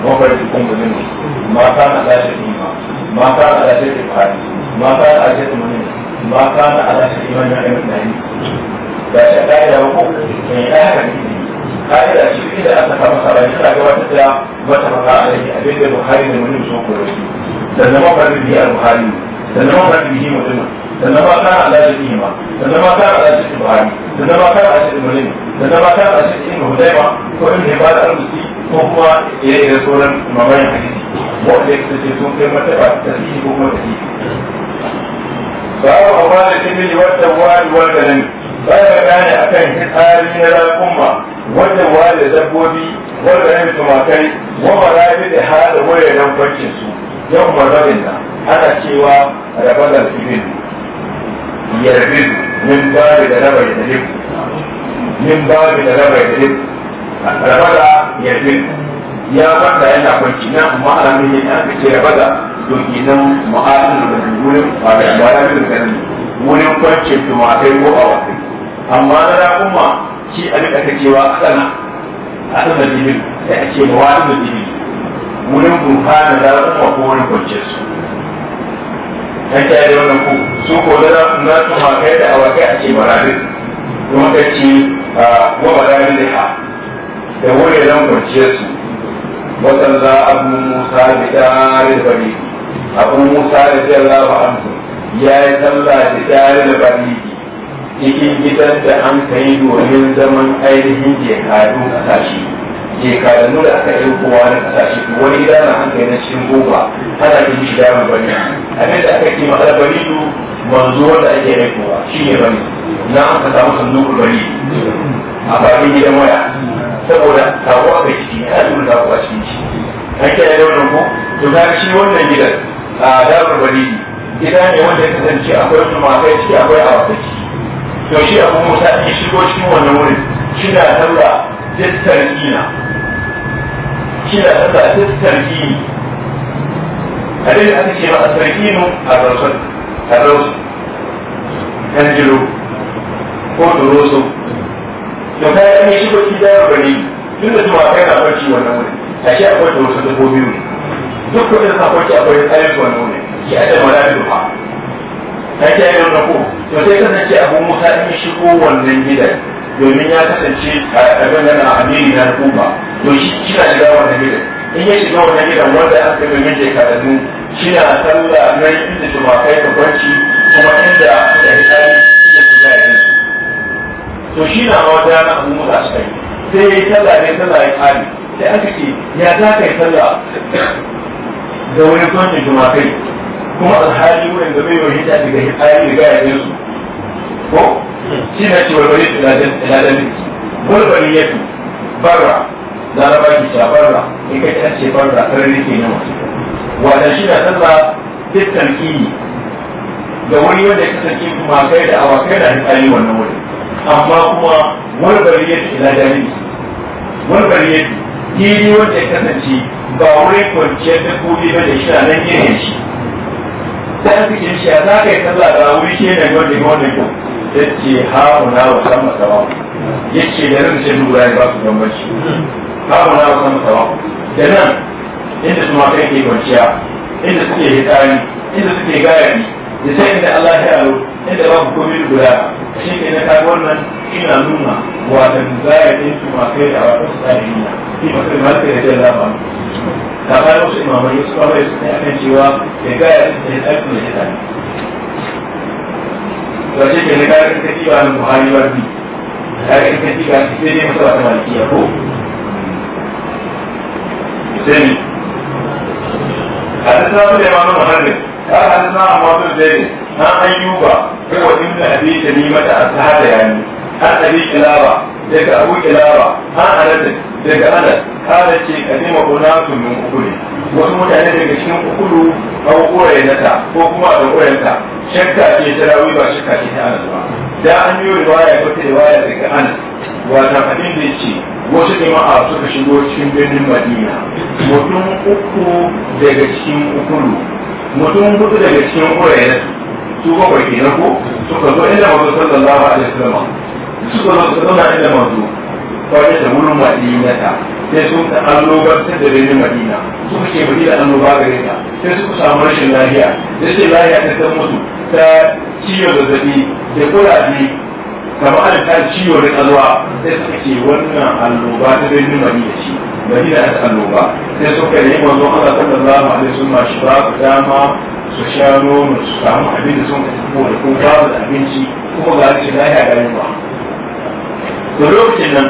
mun bar da kuma mun ma kana da shi ma ما كان على شيء البخاري ما كان على شيء مسلم ما كان على شيء من يعلم النبي da shi ka da ko mai da ka ni ka da shi da aka kama sabai da ga wata da wata maka alai abin da buhari da muslim sun koyi sannan ma farbi al buhari sannan ma farbi muslim sannan ba kana ala da ba sannan ba kana ala da ibari sannan ba kana ala da ibrin sannan ba kana ala da ibn hudayma ko in ne ba da musi ko kuma ya yi sauran mamayin hadisi wanda ya kace sun kai mata ba ta yi ko kuma ta yi babu amana kibili wadda wani wadda nan ba ya gane a kan hitsari na rakunma wadda wani dabbobi wadda ne tumakai wa marabi da hada wayayen kwancin su yau marabin na ana cewa a rabar da kibili yarbi min babu da rabar da hib min babu da rabar da hib rabada yarbi ya bada yana kwanci na amma alamun yin aka ce rabada don idan ma'adin da wurin ba da alamun da wurin kwanci tumatai ko a amma na rakunma shi a duka ta cewa asana asana dibin da ake mawa'in da dibin wurin bunka da rakunma wurin su. su ko da na su ma kai da awakai a ce barabin kuma ka ce wa ah, barabin da ha da wuri nan kwanciyar su waɗanda abu musa da da bari abu musa da jallawa an ya yi tsalla da da bari cikin gidan da an kai domin zaman ainihin jihadin ƙasashe shekarannu da aka yi kowa na kasashe wani gida na hankali na cikin goma ana yi shi da yawan bani abin da aka ke magana bani su manzo wanda ake yi kowa shi ne bani na aka ka samu sandukul bani a bakin gidan waya saboda sako aka ciki ne yi da sako a cikin shi an kiyaye da wannan ko to ta shi wannan gidan a dabar bani gida ne wanda ya kasance akwai tumakai ciki akwai a wata ciki to shi abu musa ya shigo cikin wannan wurin shi na sallah tattarkina kina Allah tattarkini abin da aka ce ma asarkinu a rasul a rasul kanjilo ko duroso to kai an yi shigo ki da bari tun da zuwa kai na barci wannan wuri ashe akwai duroso da ko biyu duk kuma da akwai ki akwai tsayin wannan wuri ki a malaka da kai ta yi wannan ko to sai kasance abu musa in shigo wannan gidan domin ya kasance abin da na amiri na al'umma to shi kina shiga wannan gidan in ya shiga wannan gidan wanda an kai domin je karannu kina sallah nan inda tumakai da kwanci kuma inda da hitsari ya shiga yin su to shi na wata na abu musa shi kai sai ya yi sallah ne sallah ya kare sai aka ce ya za ka yi sallah da wani kwanci tumakai kuma alhali wurin da bai yi hita daga hitsari da gayayen su ko shi ne ce walwale su ila da miki walwale ya fi barra laraba ki ta barra in ka ta ce barra sarari ke nan wata shi na sallah duk tarkini da wani wanda ya kasance kuma kai da awakai da alƙali wannan wuri amma kuma bari ya fi ila da miki walwale ya fi fili wanda ya kasance ba wurin kwanciyar dabbobi ba da shi na nan yanayin shi sai an fi shi a za ka yi sallah da wuri shi ne wanda ya wanda ya yace hauna wa sama sama yace da sai ba su wa sama sama da inda su kwanciya inda suke hitari inda suke da sai inda Allah ya yaro inda shi ke na wannan ina nuna din su ma kai da wata shi kai ma kai da ta wasu imamai su kawai su ne akan cewa da da da to shi ke ka ga kaci ba nan buhari ba ni ka kaci ga shi ne masa wata malikiya ko sai ni hadisna da imamu muhammad قال حدثنا عمار بن زيد عن ايوب هو ابن ابي تميمه اصحاب يعني عن ابي kilaba ذاك ابو كلابه عن انس ذاك انس ka شيء قديم اناس من اكل wasu mutane daga cikin ukulu a ƙorayen nata ko kuma a ƙorayen shakka ce ta rawi ba shakka ce ta anas ba da an yi riwaya ko ta riwaya daga anas wata hadin da ce wasu jama'a suka shigo cikin birnin madina mutum uku daga cikin ukulu mutum hudu daga cikin urayen su bakwai kenan ko suka zo inda mazo sallallahu alaihi wasallam suka zo suka zauna inda mazo kawai da wurin madina ta sai allo ka annobartar da birnin madina suka ke madina annoba gare ta sai su samu rashin lafiya da ce lafiya ta san mutu ta ciwo zazzabi da kuraje kamar an ta ciyo da kalwa sai su ce wannan annoba ta birnin madina ce madina ta annoba sai suka yi manzo Allah sallallahu alaihi wasallam shi ba su dama su sha nono su samu abin da sun ka tafi da ko babu abinci kuma ga shi lafiya da yunwa to lokacin nan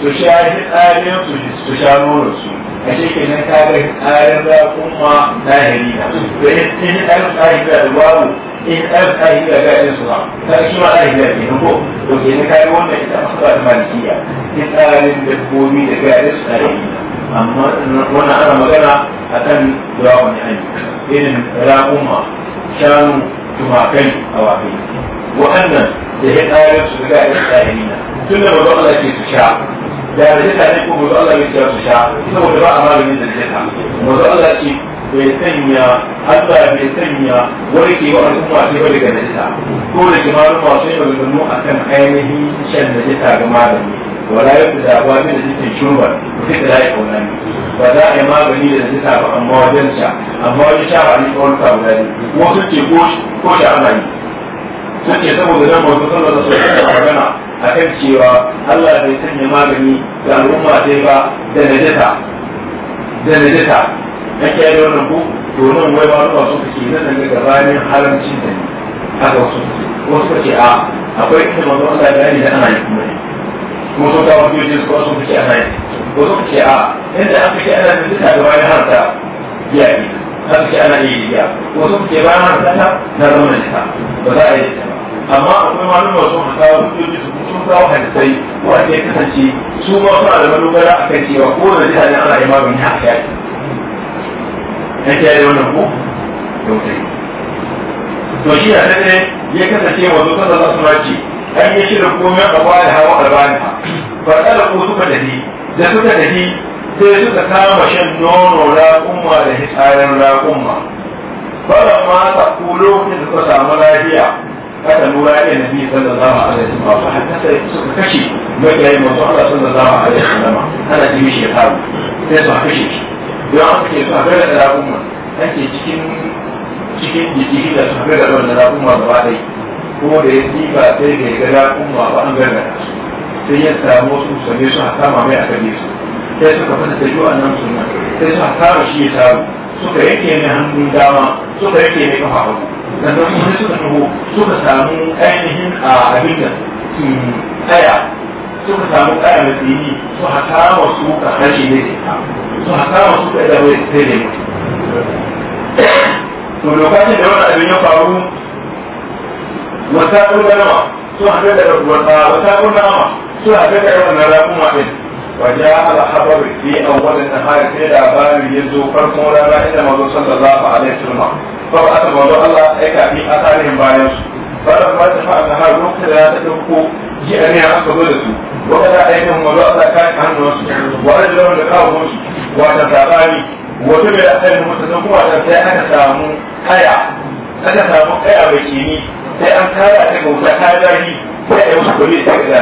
su sha hitsarin su sha a shekin nan ta ga za kuma na in da babu in da ga ɗin su ba ta shi ma ke ko to ke na ita masu ba ta malikiya dabbobi da ga ɗin su tsari amma wannan ana magana a kan zuwa wani hanyar irin ra'umma shanu tumakai a wakai da ya ƙayar su ga ya tsayina tun da mazu Allah ke su sha da ya rajata ne ko mazu Allah ke su su sha saboda ba a maganin da rajata mazu Allah ke bai sanya Allah bai sanya warke wa al'umma ce ba daga rajata ko da kimanin masu bai maganganu a kan ainihin shan rajata ga malami wala ya fita ba min da cikin shurba sai da ya kauna ni ba za a yi magani da rajata ba amma wajen sha amma wajen sha ba ni kawai sa ne ko sha ana yi suke saboda nan masu sallar da sosai magana a kan cewa Allah bai sanya magani ga al'umma sai ba da najasa da najasa na kiyaye da wannan ku to nan wai ba ruwa su kake na sanya gabanin haramcin da ne haka wasu kake wasu kake a akwai inda mazu Allah ya gani da ana yi kuma ne kuma sun kawo biyoji su wasu kake ana yi wasu kake a inda an kake ana najasa gabanin haramta ya yi sarki ana yi biya wasu na zama ba za a yi ta ba amma akwai malum masu hasa hujjoji su ya kasance su ma suna da madogara a kan cewa da a ya to shi dade ya kasance wanzu suna ce an yi shirin komai a bayan hawa albani ba ba ko suka tafi da suka tafi sai suka kama shan nono raƙumma da hitsarin raƙumma fara ma ta ku lokacin da suka samu lafiya kada nura ya nabi sallallahu alaihi wasallam har kasa suka kashe mai manzo Allah sallallahu alaihi ma ana ji mishi ya faru sai su kashe shi don su a da raƙumma ake cikin cikin jiki da su gare da wannan raƙumma gaba ɗaya ko da ya ba sai da ya ga raƙumma ba an gare su sai ya samu su sane su a kama mai a kaje su sai suka fata da yiwa nan sunan sai suka tara shi ya taru suka yake mai hannun dama suka yake mai kafa hagu dan don sun suka taho suka samu ainihin a abin da tsaya hmm, suka samu tsaya mai tsini su hakama su ka harshe ne su hakama su ka dawo sai ne to lokacin da wannan abin ya faru wata ƙundarma su haɗu da wata ƙundarma su haɗu da wannan rakuma ɗin وجاء الخبر في أول النهار في الأبان يزو فرقم لنا إلى موضوع صلى الله عليه وسلم فبعث موضوع الله إيكا في أثارهم بايوس فلما ارتفع النهار وقت لا تدركوا جئني عن قبلته وقد عليهم موضوع الله كان عنه وأجلهم لقاهم وتتابعني وتبع أثارهم وتدركوا وتبع أن ساموا هيا أن ساموا هيا بكيني sai an kara ta gauta ta jari sai a yi wasu kwalli ta gida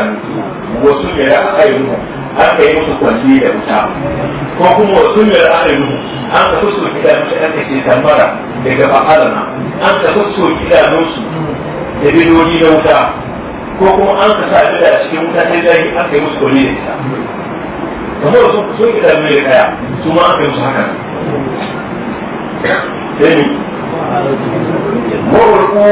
wasu ya yi a kai aka yi musu kwanci da wuta ko kuma wasu mai ra'ayin an ka so soki da mutu an kashe tambara daga ba'alana an ka so soki da musu da biloli na wuta ko kuma an ka sa da cikin wuta ta zai aka yi musu kwanci da wuta. kamar sun wasu soki da mai kaya su ma aka yi musu haka sai warwarku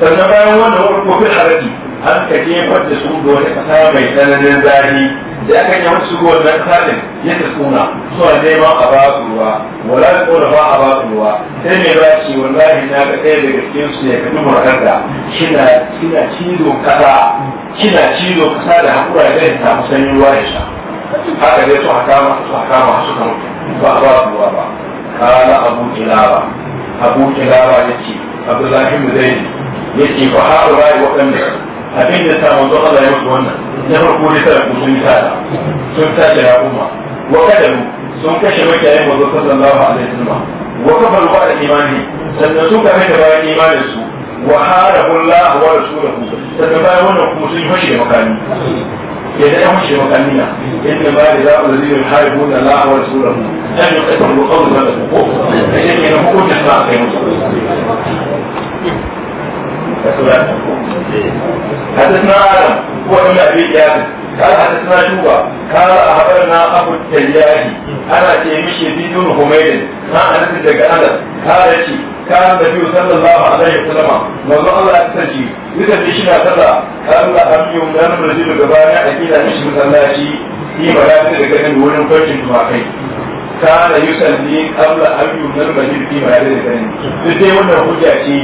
sannan bayan wannan warwarku fi haraji har ka jefar da su da wata kasa mai tsananin zafi da aka yi wasu ruwan nan kalin ya ta suna suna neman a ba su ruwa wala ko da ba a ba su ruwa sai mai ba shi wallahi na ga ɗaya daga cikin su ya kaɗi murkarda kina kina cizo kasa kina cizo kasa da haƙura da ya samu sanyin ruwa ya sha haka dai su haka ma su haka ma su kan ba a ba su ruwa ba kala abu kilaba abu kilaba ya ce abdullahi mu zai ya ce ba haɗu rayu waɗanda abin da sa manzo Allah ya mutu wannan na farko da tara ku sun tada sun tada da umma wa kadaru sun kashe makiyayin manzo sallallahu alaihi wasallam wa kafaru ba da imani sannan sun kafe da bayan imanin su wa harabu Allah wa rasuluhu sannan bayan wannan kuma sun yi fashe makami yadda ya mushe na. inda ba da zaɓa zai yin haihu na la'awar sura mu ɗan yi ƙasar ko ƙaunar da ko da yake na hukuncin a kai
musu
حدثنا آدم هو ابن أبي جابر قال حدثنا شوبة قال أخبرنا أبو التياهي أنا تيمشي بن حميد ما أنا في أنس قال شي كان النبي صلى الله عليه وسلم والله الله أتسجي إذا بشنا صلى قال الله أم يوم لنا الرجل ببانا أكيد أمشي مسلاشي في مراكز لكن ولم فرش تماكي kana yusalli qabla an yunal majid fi ma da sani duk dai wannan hujja ce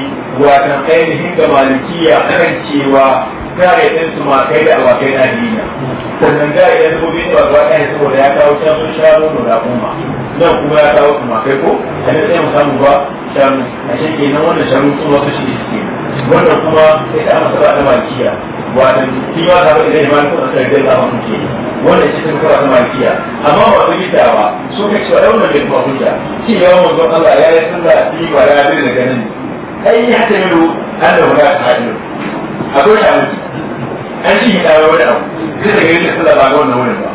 watan ainihin ga malikiya akan cewa kare din su ma kai da awakai na dina sannan kare ɗin su bin ba ta yi saboda ya kawo can sun sha nono da kuma nan kuma ya kawo kuma kai ko a ne sai mu samu ba shanu a shi kenan wannan sharu kuma su shi suke wannan kuma sai da aka saba da makiya wadan kima da bai da iman ko sai da Allah kuke wannan shi sun fara makiya amma ba su yi dawa su ka cewa da wannan bai hujja shi ya mun zo Allah ya yi sallah shi ba ya bi da ganin ai ya ta yi Allah ya hadu akwai ta mutu an shi da wani abu sai da ganin ba ga wannan wani ba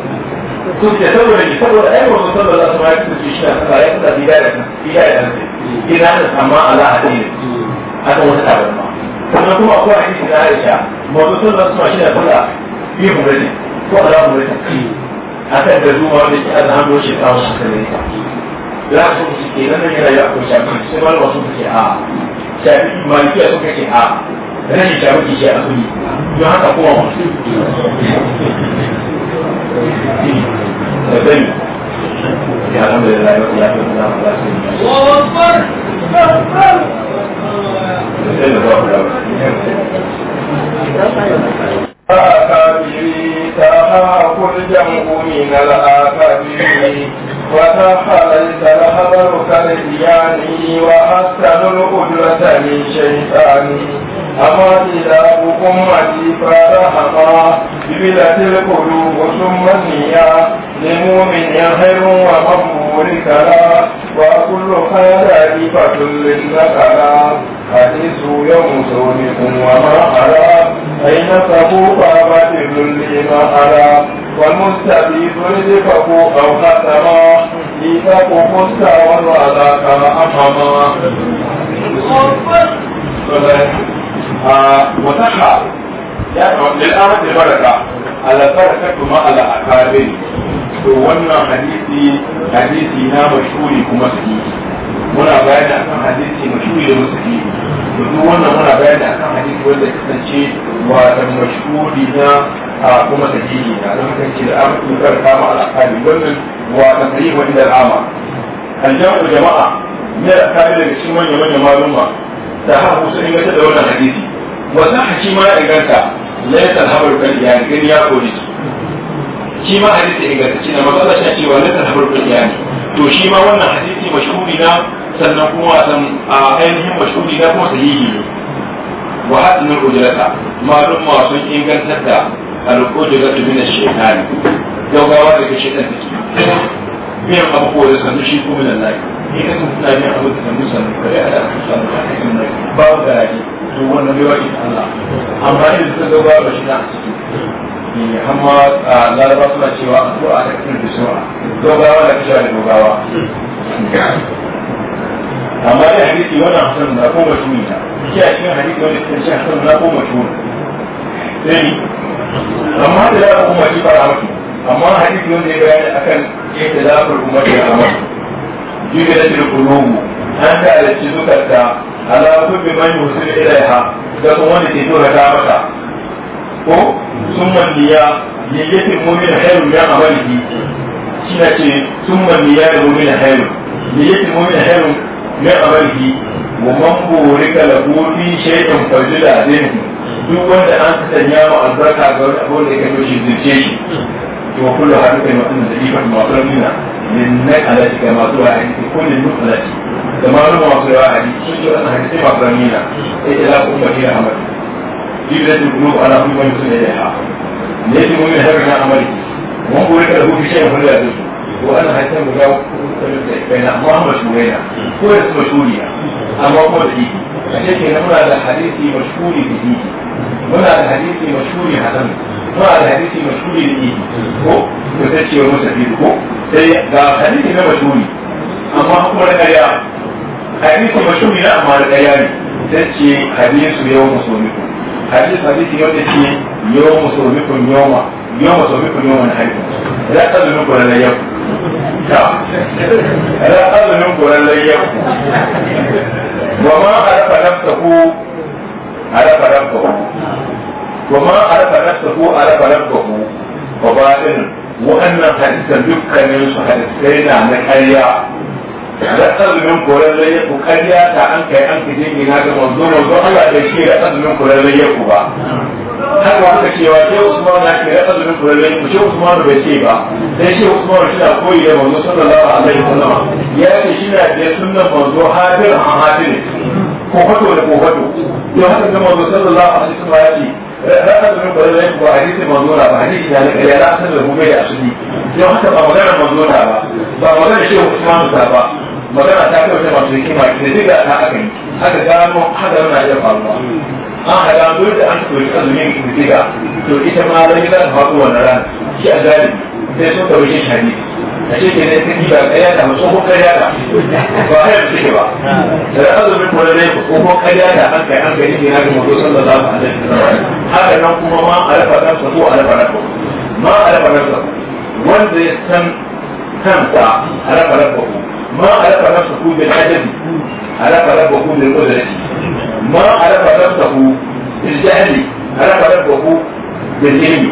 to ke saboda ni saboda ai wannan sallah Allah subhanahu wa ta'ala shi ya fara ya fara bidaya da bidaya da ina da amma Allah hadin akan wata tabarma sannan kuma akwai hadisi na Aisha mazu sun da suna shida fada yi humrati ko ala humrati akan da zuwa wanda ke an hannu shi kawo shi kare ta za su ku ke nan ne rayuwa ko shafi sai malama sun ce a shafi malikiya sun ce a rashin shafi ke shi a kuni don haka kuma wasu da ya alhamdulillah ya fi da
Allah sai
Thank you. ترحمك الجنب من الآفات وتخليت الخبر كالديان وحسن القدرة من شيطان أما إلهكم أمتي فرحما جبلت القلوب ثم النية لمؤمن خير ومقبول كلا وكل خير فكل للنقلا حديث يوم صومكم وما حرام فإن صفوف باتر لما أرى والمستفيد رزقه أو ختما ليثق فسا والرزاق أمما وتحى للآمة البركة على بركة ما على أكابر to wannan hadisi hadisi na mashhuri kuma sahihi muna bayani akan hadisi mashhuri da sahihi duk wannan muna bayani kan hadisi wanda ya kasance wa da mashhuri a kuma sahihi na don ce da amma in karka ma al'akari wannan wa da sahihi wa inda al'ama aljamu jama'a ne da kare daga cikin manya manyan maluma da haka sun inganta da wannan hadisi wannan hakima ya inganta laifin habar kan iyali gani ya kori shi ma hadisi ingantacce na matsala shi cewa laifin habar kan iyali to shi ma wannan hadisi mashhuri na sannan kuma wasan ainihin mashuri na kuma sahihi ne wa hadisin ujrata malum ma sun ingantar da al-ujrata min ash-shaytan gaugawa daga shaytan take biyan abu ko da sanu shi kuma nan lai ni kan suna biyan abu da sanu sanu kare a da sanu da kan nan babu garaji to wannan bai wa Allah amma idan ta gaugawa ba shi na ciki Eh, amma ah, laraba suna cewa addu'a ta kafin da su'a dogawa da kashewa da dogawa amma da hadisi wannan hasan na ko mashuni na shi a cikin hadisi wanda ke shi hasan na ko mashuni eh, sai amma da za kuma shi fara mutu amma hadisi wanda ya bayani akan yadda za a fara kuma da amma jibe da tilin kulubu an ta alaci zukarta ala kulli man yusul ilaiha da kuma wanda ke tura ta mata ko ya amalihi shi ce sun mandiya da ya amalihi wa man burika shay'in fajila duk wanda an sanya wa albarka ga wani abu da shi zuce shi to kullu da min ga kullu da sun yi wannan hadisi ila جبلت القلوب على كل من يصل إليها ليس مؤمن هذا من عمله وهو ليس له في شيء فلا يدرس وأنا هيتم بجاو بين أمام مشهورين هو اسم مشهورية أما هو الحديث عشان كده هنا على الحديث مشهور به هنا على الحديث مشهور حسن هنا على الحديث مشهور به هو وتشي ومستفيد هو ده حديث ده مشهور أما هو الحديث حديث مشهور لا أما الحديث تشي حديث يوم صومكم حديث حديث يوم تشي يوم صومكم يوم يوم صومكم يوم حيكم لا أقل منكم ولا يوم نعم. لا أقل منكم ولا يوم
وما عرف
نفسه عرف ربه وما عرف نفسه عرف ربه وباطن وأن حديثا دكا من حديثين عن الحياة da azumin koren laye ku kariya ta an kai an kaje ni na ga manzo manzo Allah bai ce da azumin koren laye ku ba haka wanda cewa ke Usman na ce da azumin koren laye ku ce Usman bai ce ba sai ce Usman shi da koyi da manzo sallallahu alaihi wasallam ya ce shi da da sunnan manzo hadir hadir ko fato da ko fato to haka ga manzo sallallahu alaihi wasallam ya ce za ka zama kwarar da ba a hadisi manzora ba hadisi ya na kariya za a sanar mu ba magana manzora ba ba magana shehu usman ta ba magana ta kai wata masu hikima ne duk da ta aka yi aka gano hadarin na iya faruwa an haɗa dole da an tsoro ta zumin ziga to ita ma zai gina ta faɗo wannan ran shi a gari sai sun tauri shi hadisi a shi ke ne sun ba ƙarya ta ko ƙarya ta ba a yau ke ba da azumin kuma ne ko ko ƙarya ta an kai an kai ne na ga mutu sallallahu alaihi wasallam haka nan kuma ma alafa kan sa ko alafa na ma alafa na wanda ya san kansa alafa na ko ما عرف نفسه بالعدم عرف ربه بالقدرة ما عرف نفسه بالجهل عرف ربه بالعلم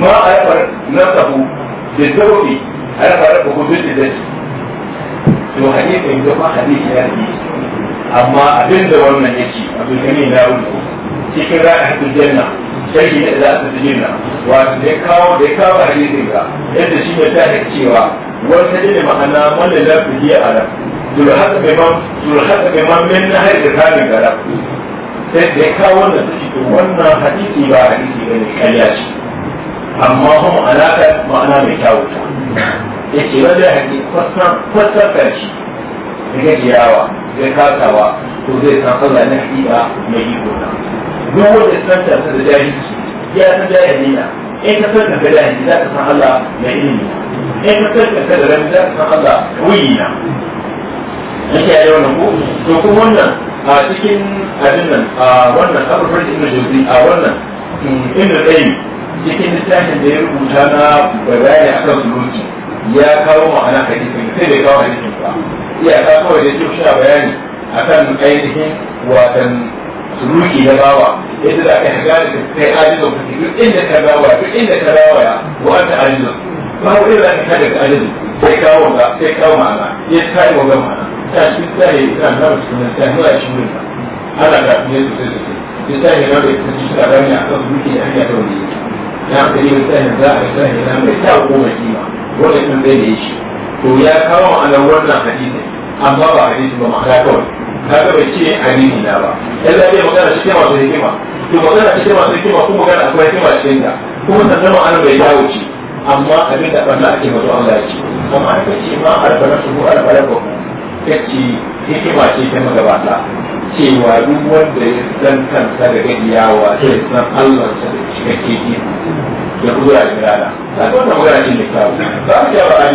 ما عرف نفسه بالذوق har ba da gudun da to hadisi ne kuma hadisi ya ne amma abin da wannan yake abin da ne na rubu cikin ra'ayin janna sai ne da su na wato da kawo da kawo ga yadda shi ne ta cewa ne ma'ana wanda za yi a ran durhaka bai bai min na haɗe gara sai da kawo wannan wannan hadisi ba hadisi ne kariya ce amma kuma alaƙa ma'ana mai kyawu ya ce wajen haƙi kwasan karshe da gajiyawa da kasawa to zai san sallah na haƙiƙa mai iko na duk wanda san ta da jahilci ya san jahili na in ka san da jahili za ka san Allah mai ilimi in ka san ka da rami za ka san Allah wuyi na ya a yau na ku to kuma wannan a cikin abin nan a wannan abubuwan da ibn jauzi a wannan mm, ibn tsaye. cikin littafin da ya rubuta na bayani kan suluki ya kawo ma'ana hadisin sai bai kawo hadisin ba ta kawai da yake suna bayani a kan ainihin watan suruki na bawa yadda za ka shiga da kai ajizon ka duk inda ka bawa duk inda ka bawa ya anta ajizon ba wa za ka kada ka ajizon sai kawo ga sai kawo ma'ana ya kai wa ga ma'ana ta shi yi ta na mutum ta nuna shi ne ana da ne sosai sosai sai sai ne ba da shi ta a kan suluki da hanya wani na kare misalin za a yi sanin na mai ta goma kima wanda kan zai da shi to ya kawo ma'anar wannan hadisi amma ba hadisi ba ma'ana kawai kaga bai ce hadisi na ba yan zabe magana cikin masu hikima to magana cikin masu hikima kuma magana akwai hikima cikin ta kuma sannan ma'anar bai dawo ce amma abin da ɓanna ake mazu Allah ya ce amma aka ce ma albaratu ko albaratu kace hikima ce ta magabata cewa duk wanda ya san kansa da gadiyawa zai san Allah sa da cikakke ne da kudura da rana ta wannan wurare ne kawo za mu ba an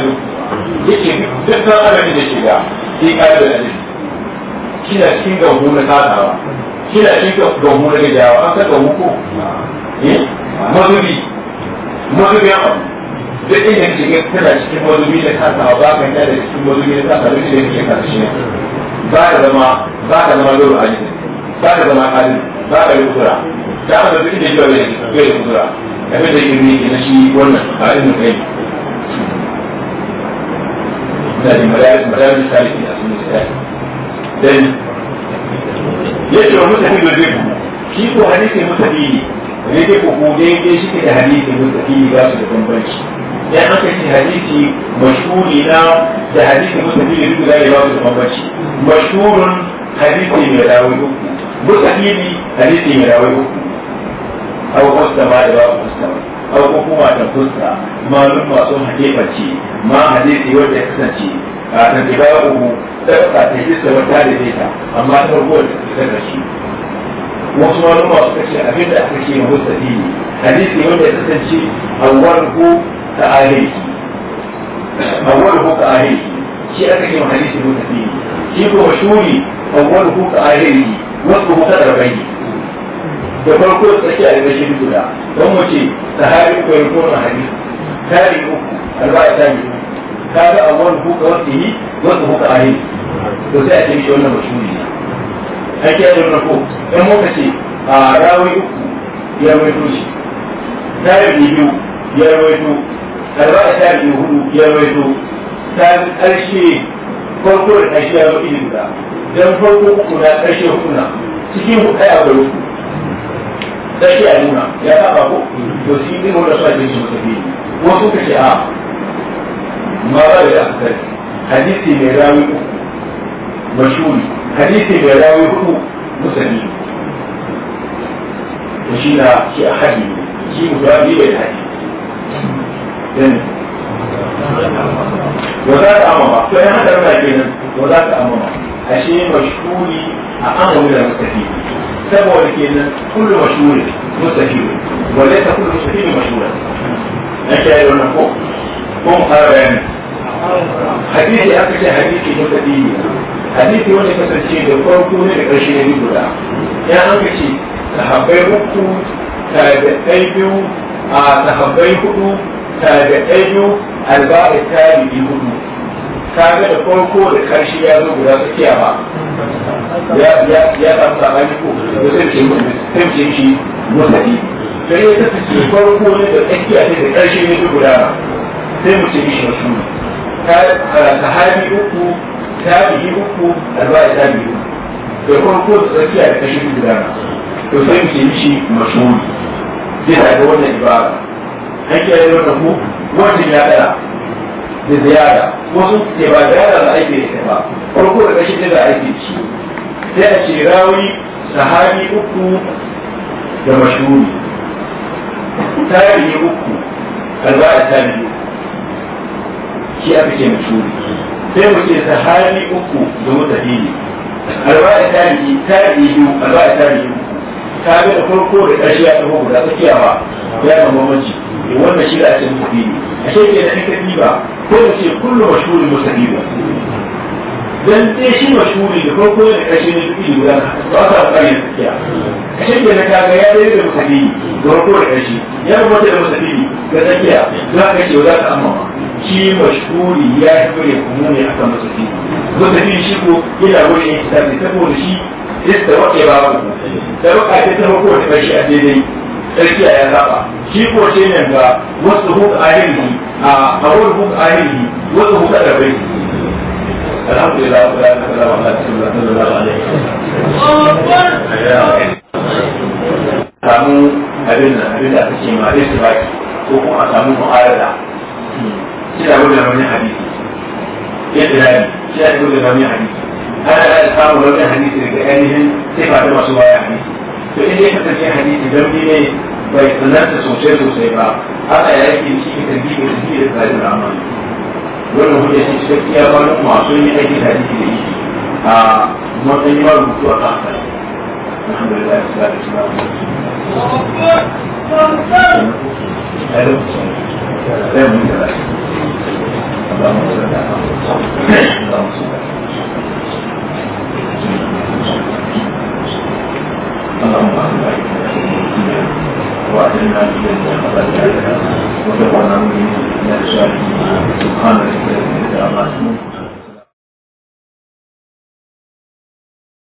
yi yake duk san adadin da shiga sai ka da adadin kina cikin gamu na kasawa kina cikin gamu na gadiyawa an san gamu ko eh mazubi mazubi ya duk inda ke tana cikin mazumi da kasa ba ka yana da cikin mazumi da kasa duk inda ke kasa shi ba da zama ba da zama yau aji ba da zama kali ba da kusura da aka duk inda ke wani ke da kusura abin da yake ne na shi wannan a halin da kai da ne malayi malayi saliki a sun sai dan ya ce wa mutane da zai ku shi ko hadisi mutane ne rike kuku daidai shi da hadisi da tafi ba su da bambanci ya aka ce hadisi mashhuri na da hadisi da tafi da duk da ba su da bambanci mashhurun hadisi mai rawai uku mutafili hadisi mai rawai uku aw kustama da ba kustama aw kuma ta kusta malum masu hakifaci ma hadisi wanda ya kasance a tantiba uku da ta hisa ta da ta amma ta ta da shi wasu malama suka ce abin da aka ce mustafi hadisi wanda ya kasance awwarhu ka ahirki awwarhu ka ahirki shi aka ce hadisi mustafi shi ko mashuri awwarhu ka ahirki wasu ku kada bai da farko tsaki a yanzu shi guda don mu ce ta sahabi ko yanko na hadisi tari uku alba'a tari uku kaga awwarhu ka wasu yi wasu ka ahirki to sai a ce shi wannan mashuri ne ake yin rako in muka ce a ah, rawi uku ya rawaito shi tabi biyu ya rawaito arba a biyu hudu ya rawaito ta karshe farko da karshe ya rawaito ilin da dan farko uku na karshe hudu na cikin hudu ya baro karshe ya nuna ya saba ko to shi ne mu da su ake shi mutafi wasu ka ce a ma ba da hadisi mai rawi uku mashuri hadisi mai rawi hudu musulmi to shi na shi a hadi shi mutane bai hadi dan wa za ta amama to yan hada rana kenan wa za ta amama ashe mashhuri a amamu da mustafi saboda kenan kullu mashhuri mustafi wa laysa kullu mustafi mashhuri na shi ayi wannan ko ko mu fara bayani hadisi aka ce hadisi ne kadiri hadisi wanda kasance da farko ne da ƙarshe ne guda ya an ka ce sahabbai uku tabi'ai biyu a sahabbai hudu tabi'ai biyu alba'i tabi'i hudu kaga da farko da ƙarshe ya zo guda tsakiya ba ya ya ya samu sabani ko da sai ce sai ce shi musadi sai ya kasance farko ne da tsakiya ne da ƙarshe ne guda sai mu ce shi mutum sahabi uku tabi'i uku alba'i tabi'i uku to kuma ko da tsakiya da kashi uku dama to sai mu ce shi masuri zai da wannan ibara an kiyaye wannan ku wannan ya dara da ziyara wasu ce ba ziyara da ake da ba farko da kashi da ake ci sai a ce rawi sahabi uku da mashuri tabi'i uku alba'i tabi'i uku shi aka ce mashuri sai mu ce ta hali uku da mutahili alba'i tarihi tarihi biyu alba'i yi uku ta yi ta ga da farko da ƙarshe ya taho guda tsakiya ba ya ga mamaci wannan shi da ake mutahili a shekai da nika ba ko mu ce kullum mashuri mutahili dan sai shi mashuri da farko da kashe ne kuɗi guda ba sa tsarin tsakiya kashe ke na kaga ya yi da musafi da farko da kashe ya rubuta da musafi da tsakiya za ka ce za ka amma shi mashuri ya yi bare kuma ne akan musafi musafi shi ko yana wurin yin kitabi saboda shi da wake ba ku da baka ce ta farko da kashe a daidai tsakiya ya saba shi ko ce ne ga wasu hukun ahirhi a wurin hukun ahirhi wasu hukun arabai السلام إلى أولئك صلى الله عليه وسلم samu abin nan abin da aka ce ma ko kuma a samu mu'arada shi da wani ramin hadisi ya shi da ramin hadisi har da samu ramin hadisi daga ainihin sai ba da masu baya hadisi to kasance hadisi don ne bai sosai sosai ba haka ya yake shi ka ka da tsarin wannan hujja ce cikakkiya ba da kuma sun yi aiki da hadisi da shi a matsayin ba rubutu a kan haka alhamdulillah sallallahu alaihi
wasallam اللهم صل على محمد وعلى آله وصحبه وسلم وتقوانا من الشاكين سبحانك لا اله الا انت